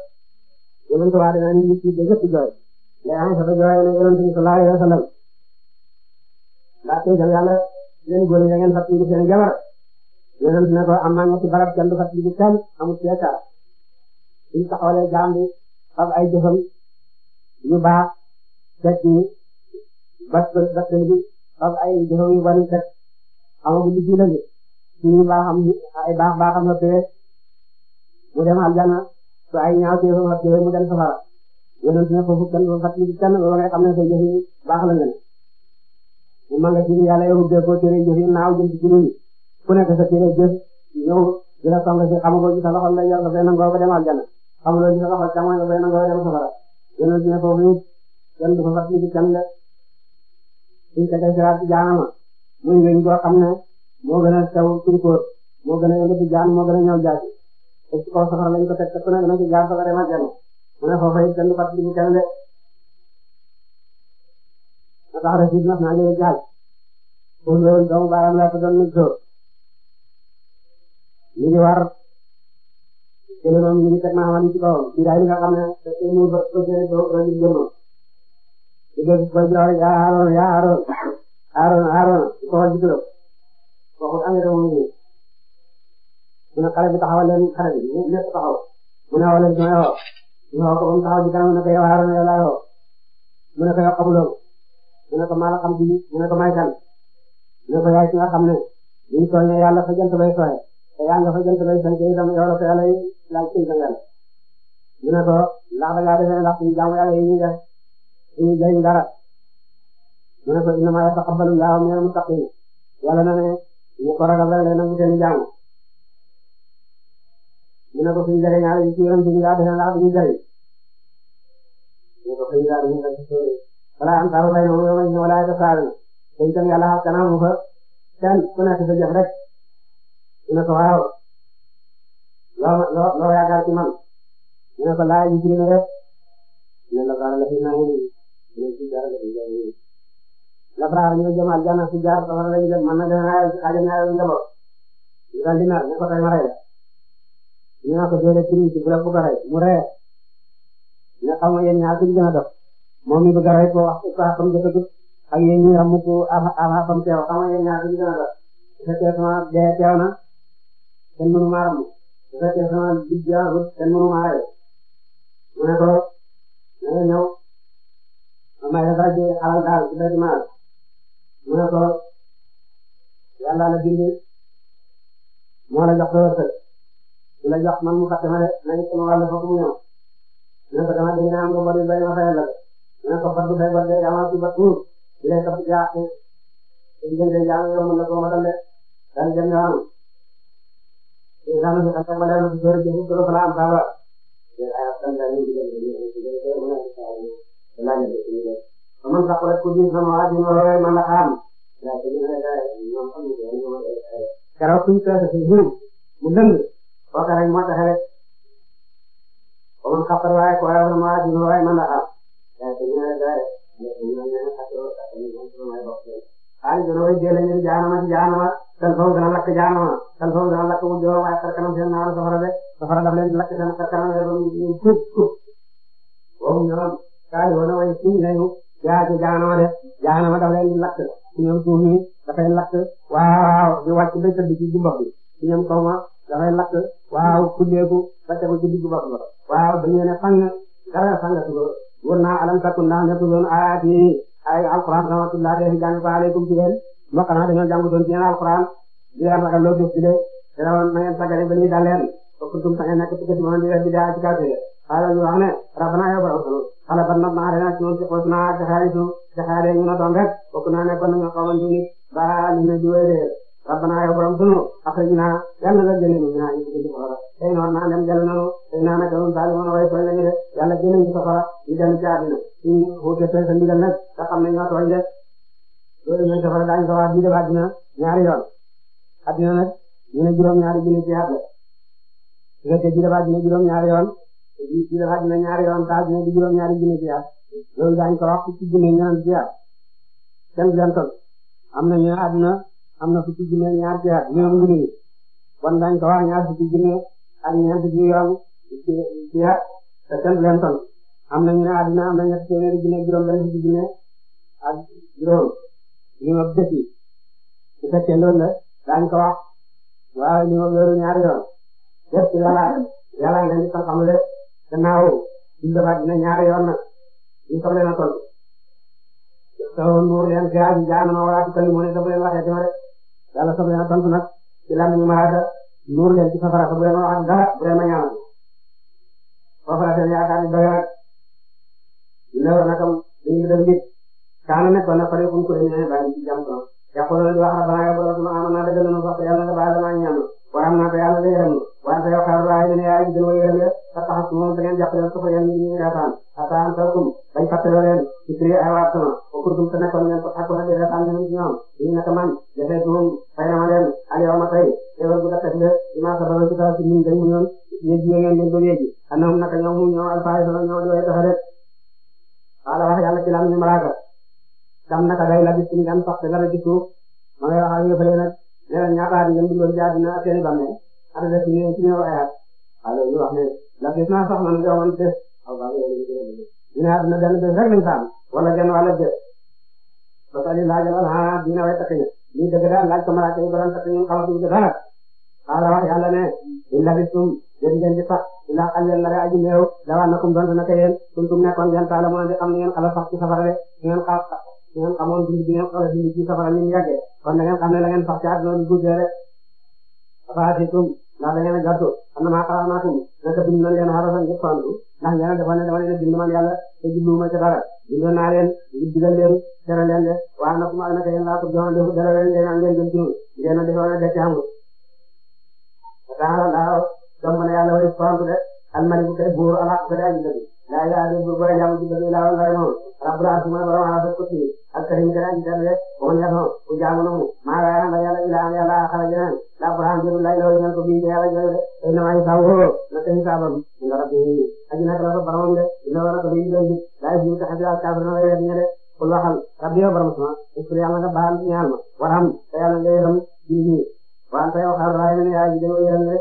yéen ko waa dana ni ci de gëpp jooy lay am sa jooy ne yonent bi sallallahu alayhi wa sallam la ko jàng yàlla leen góor ñi ngeen fàttali seen jabar yonent ne ko am na ci barab kenn du fàttali kenn amul ci yaakaar ñu taxawalee jaam bi ak ay jëfam yu baax fekk bas basal bi ak ay jëfëw yu bari fekk amaguñu ji la ñu suñu baaxam ay baax baaxam la tee mu dem aljanna su ay ñaaw teefam la tee mu dem safara yonent ne foofu kenn ba fàttali bi kenn ba nga xam ne sa jëf yi baax la nga ne mu mën nga ci yàlla yow bee ko tere jëf yi naaw jëm ci ci nit ñi ku nekk sa tere jëf ñëw di la song si xamuloo ci sa loxo la yor dafay nangoo ba dem aljanna xamuloo ci sa loxo càmmoñ dafay nangoo ba dem safara yonent ne foofu kenn du ko fas yéene kenn de suñ fekkee siraat jaanama muy weñ goo xam ne moo gën a sew turkoor moo gën a yëngatu jaan moo gën a ñëw jaasi te ci kaw safara lañ ko teg te ku ne dana ci jaar safara dem ak dem mu ne foofa it kenn du fas yéene kenn de na tax rek it mas naa jëlee jaaj pour loolu doomu baaraam laa ko doon nit dóor ñu ngi war jëlee moom ñu ngi teg naa xamal ci kawam ci daay li nga xam ne te tey mu bëgg bëgg rek doo ko jëlee léegi ko jooy yaa Aaron yaa Aaron Aaron Aaron ko xool ci turam waxut amee doomu ngi mu ne xale bi taxawal leen xale bi ñëpp taxaw mu ne wala ñu yoo ñu woo ko ba mu taxaw ci kanam mu ne ko yow Aaron yow laa yoo mu ne ko yow xamuloo mu ne ko maa la xam ci mu ne ko may kan mu ne ko yaay ci nga xam ne ñu tooñee yàlla fa jant bay sooyee te yàlla fa jant bay sant itam yow la ko yàlla laaj ci sangal mu ne ko ndax da ngaa defee ndax suñu jaamu yàlla yi ñuy def suñu jëriñ dara mu ne ko innamaa yataqabbalu llaahu minal muttaqiin yàlla na ne ñu ko ragal rek lay nangu seen jaamu mu ne ko suñu jëriñ yàlla yi ci yoon suñu yaa defee laa suñu jëriñ mu ne ko suñu yaa defee laa suñu jëriñ wala am saabu bay moom yow ma ñu wala ay tasaaru te itam yàlla xas kanam mu fa kenn ku nekk sa jëf rek mu ne ko waaw loo loo loo yaakaar ci man mu ne ko laaj yu ci rek ne la baal la fi nangu ñoom si dara dafay jaay yéen. Labraar ñu ne jëm aljanna si jaar safara lañu jëm mën na gën a xaajal ñaari njaboot ñu daal di mer ne ko tey ma rey la ñu ne ko déedéet ci nit bu la bëgg a rey mu rey ne xam nga yéen ñaar suñu gën a def moom mi bëgg a rey ko wax ko xam jot a dugg ak yéen ñi ramu ko avant xam teew xam nga yéen ñaar suñu gën a def su fekkee sama dee teew na kenn mënu maa ramu su fekkee sama digg teew na kenn mënu maa rey mu ne ko na nga ñëw may la dara ci alal daal ci béykat maal mu ne ko yàlla la bind moo la jox sa wërsëg du la jox man mu fàtte ma de nañu sama wàll foofu mu ñëw mu ne ko dama dégg naa am nga bor yu bëri ma fayal la mu ne ko bor bu fay bor de yaa ma ci bor tuur di lay topp jaa te di leen di jaamu yow mën na ko ma doon de daal jëm yoo am te yaa ma ci xam nga daal di gërëm ci bu gërëm laa am saa ba te ay ab tam daal ñu ngi gërëm ñu ngi gërëm mu ne ko saa yi. laaj la ci ñëw amul sax rek ku gis sama waa ji ma roye man la xaar ndax ci ñëw rek ñoom xam nga ñoom keroog suñu peese si jiw mu dënd kooka rek moo tax rek amul xaar waaye ku roye sama waa ji ma roye man la xaar ndax ci ñëw rek ñoom ñoo ne xaar ak ñoom ñoo may bokk xaalis dana koy jëlee ngir jaanama ci jaanama telefon dana lakk jaanama telefon dana lakk mu jox waaye xar kanam seen naaru safara de safara daf leen lakk seen xar kanam de ba mu tuub tuub boobu ñoom kaa'iluuna way siñ nañu yaa ci jaanama de jaanama daf leen di lakk ci ñoom suuf mi dafay lakk waaw di wàcc ba tëdd ci jumbax bi ci ñoom kaw ma dafay lakk waaw kuddeeku ba tegu ci digg bopp ba waaw ba ne fang dara fang su ko wër naa alam takku ndax nekkuloon ayaati ay alquran rahmatullah de jàng ko aleykum ci leen mbokk naa dañoo jàngutoon ci yéen alquran di leen ragal loo gis ci de te na ngeen sagale ba ñuy dal leen ba kuntum sa ngeen nekk ci kër si moom di leen di xaaral di wax ne rabbana yow borom sunu xale ban nag maa dana ci moom ci xoos naa jaxaari suuf jaxaaree ñu na doon rek bokk naa ne kon nañu xamoon ci nit ba ñu ne jiwee réer rabbana yow borom sunu axrijna yàlla nga génne ñu naa ñu ci safara tey noor naa dem jël nanu tey naa ne tamit baal ma way tooñ lañu de yàlla génne ci safara ñu dem ci àddina ñu xuute tey sa ndigal nag nga xam ne ñoo tooñ de loolu ñooy safara daañu ko wax bii def àddina ñaari yoon àddina nag ñu ne juróom ñaari junni ci àddina nga te bii def àddina juróom ñaari yoon lii fii dafa dina ñaari yoon taa dina di juróom-ñaari junne ci at loolu daañu ko wax fukki junne ñeneen ci at kenn du leen toll am na ñu ne àdduna am na fukki junne ñaar ci at ñoom ñu ngi kon daañu ko wax ñaar fukki junne ak ñeent ci yoon ci at te kenn du leen toll am na ñu ne àdduna am na ñetti téeméeri junne juróom-benn fukki junne ak juróom li ma bët yi bu fekkee loolu la daañu ko wax waaw li ma loolu ñaari yoon def ci yàlla yàlla ngeen di ko xamle gannaaw julli ba dina ñaari yoon na ñu soog leen a toll soo nuur leen fi aju jaanama wala ci kalimu ne dafa leen waxee dama rek yàlla soog leen a tontu nag ci lan ñu malaaka nuur leen ci safara bu leen wax dara bu leen ma ñaanal foofu la seen yaakaar doy nag leer na kam dañuy def nit kaana nekkoon na pare fu ko demee bàyyi ci jàmm ko yàqoon na di wax rabbana yow borom sunu amoon naa dëgg na nu sax yàlla nga baal damaa ñaan waram naa ko yàlla day yërëm wante yow xarala waaye ñu ne yaa ngi jëloon yéen rek sa taxaw si moom da ngeen jàppale ko yéen ñi ñuy reetaan ataan salkum bañ fàttaloo leen ci kii ay waat sama ba pour que mu te nekkoon ngeen ko ak ko rajo reetaan ngeen ci ñoom ñu nekk man defee tuum fay na ma leen Aliou ma tey teewal bu dëkk bi dinaa ko doon ci taxaw si ñun dañ mu ñoon ñu jiyee ngeen ñu bëggee ji anam naka ñoom mu ñëw alfaay sama ñëw jooyee dafa def wala wax yàlla ci lam ñu malaaka tam naka day la gis ci ngeen sax te dara ci suuf ma ngay wax ak yëfale nag ne la ñaataat ngeen dundal jaar na seeni bàmmeel ana def ñu ci ñëw ayaat alors ñu wax ne la gis naa sax man jox man bés xaw ma yéen a ngi gën a bëgg ñu ne àdduna benn bés rek lañ saam wala genn wala bés ba sali laajal ah dina way takk ñu lii dëgg daal laaj ko malaaka yi ba doon takk ñu xamatuñ ko dara xaala wax yàlla ne in labistum yéen ngeen di sax illaa xalilan naka aji néew dawaan na kum donte naka yéen kuntum nekkoon ngeen taala mu di xam ni ngeen xala sax ci safara de ngeen xaar di ngeen xamoon dund bi ngeen xala dund ci safara ni mu yàggee kon da ngeen xam ne la ngeen sax ci àdduna du guddee rek faatikum ndax da ngeen a gàddu am na maa xaraa naa ko naka bind nañ leen xarafan ngeen fandu ndax ngeen a defoon ne dama leen a bind man yàlla te jubluwuma ca dara bindoon naa leen ngir digal leen tere leen de waaye nag maa naka yéen laa ko joxoon defu dara leen ngeen am ngeen jëm ci ñun ngeen a defoon a gàcce amul daanaka laa doon mën a yàlla wari fandu de almaliku kay buur alaaka kay aji laa ilaaha illallah bu boole jaamu ci dëgg laa woon dara moom rabbul arsh mooy borom ala sa kursi ak karim gën a ji dara de ba mu nekk ku jaamu noonu maa ngi lay yàlla ilaa am yàlla xala jeneen laa bu raxam jëru lay loolu ngeen ko bii yàlla jëru de te ina maa hisaab woo naka hisaabam nga rabbi aji naka la ko boromam de ina wara ko bii lay jit laa yisibu te xabiwaat kaafir na la yeer ñe de kul waxal rabbi yow borom sama iskul yàlla nga baal ñaal ma waram te yàlla nga yërëm bii nii waan te yow xar raay na ne yaa ji de yërëm de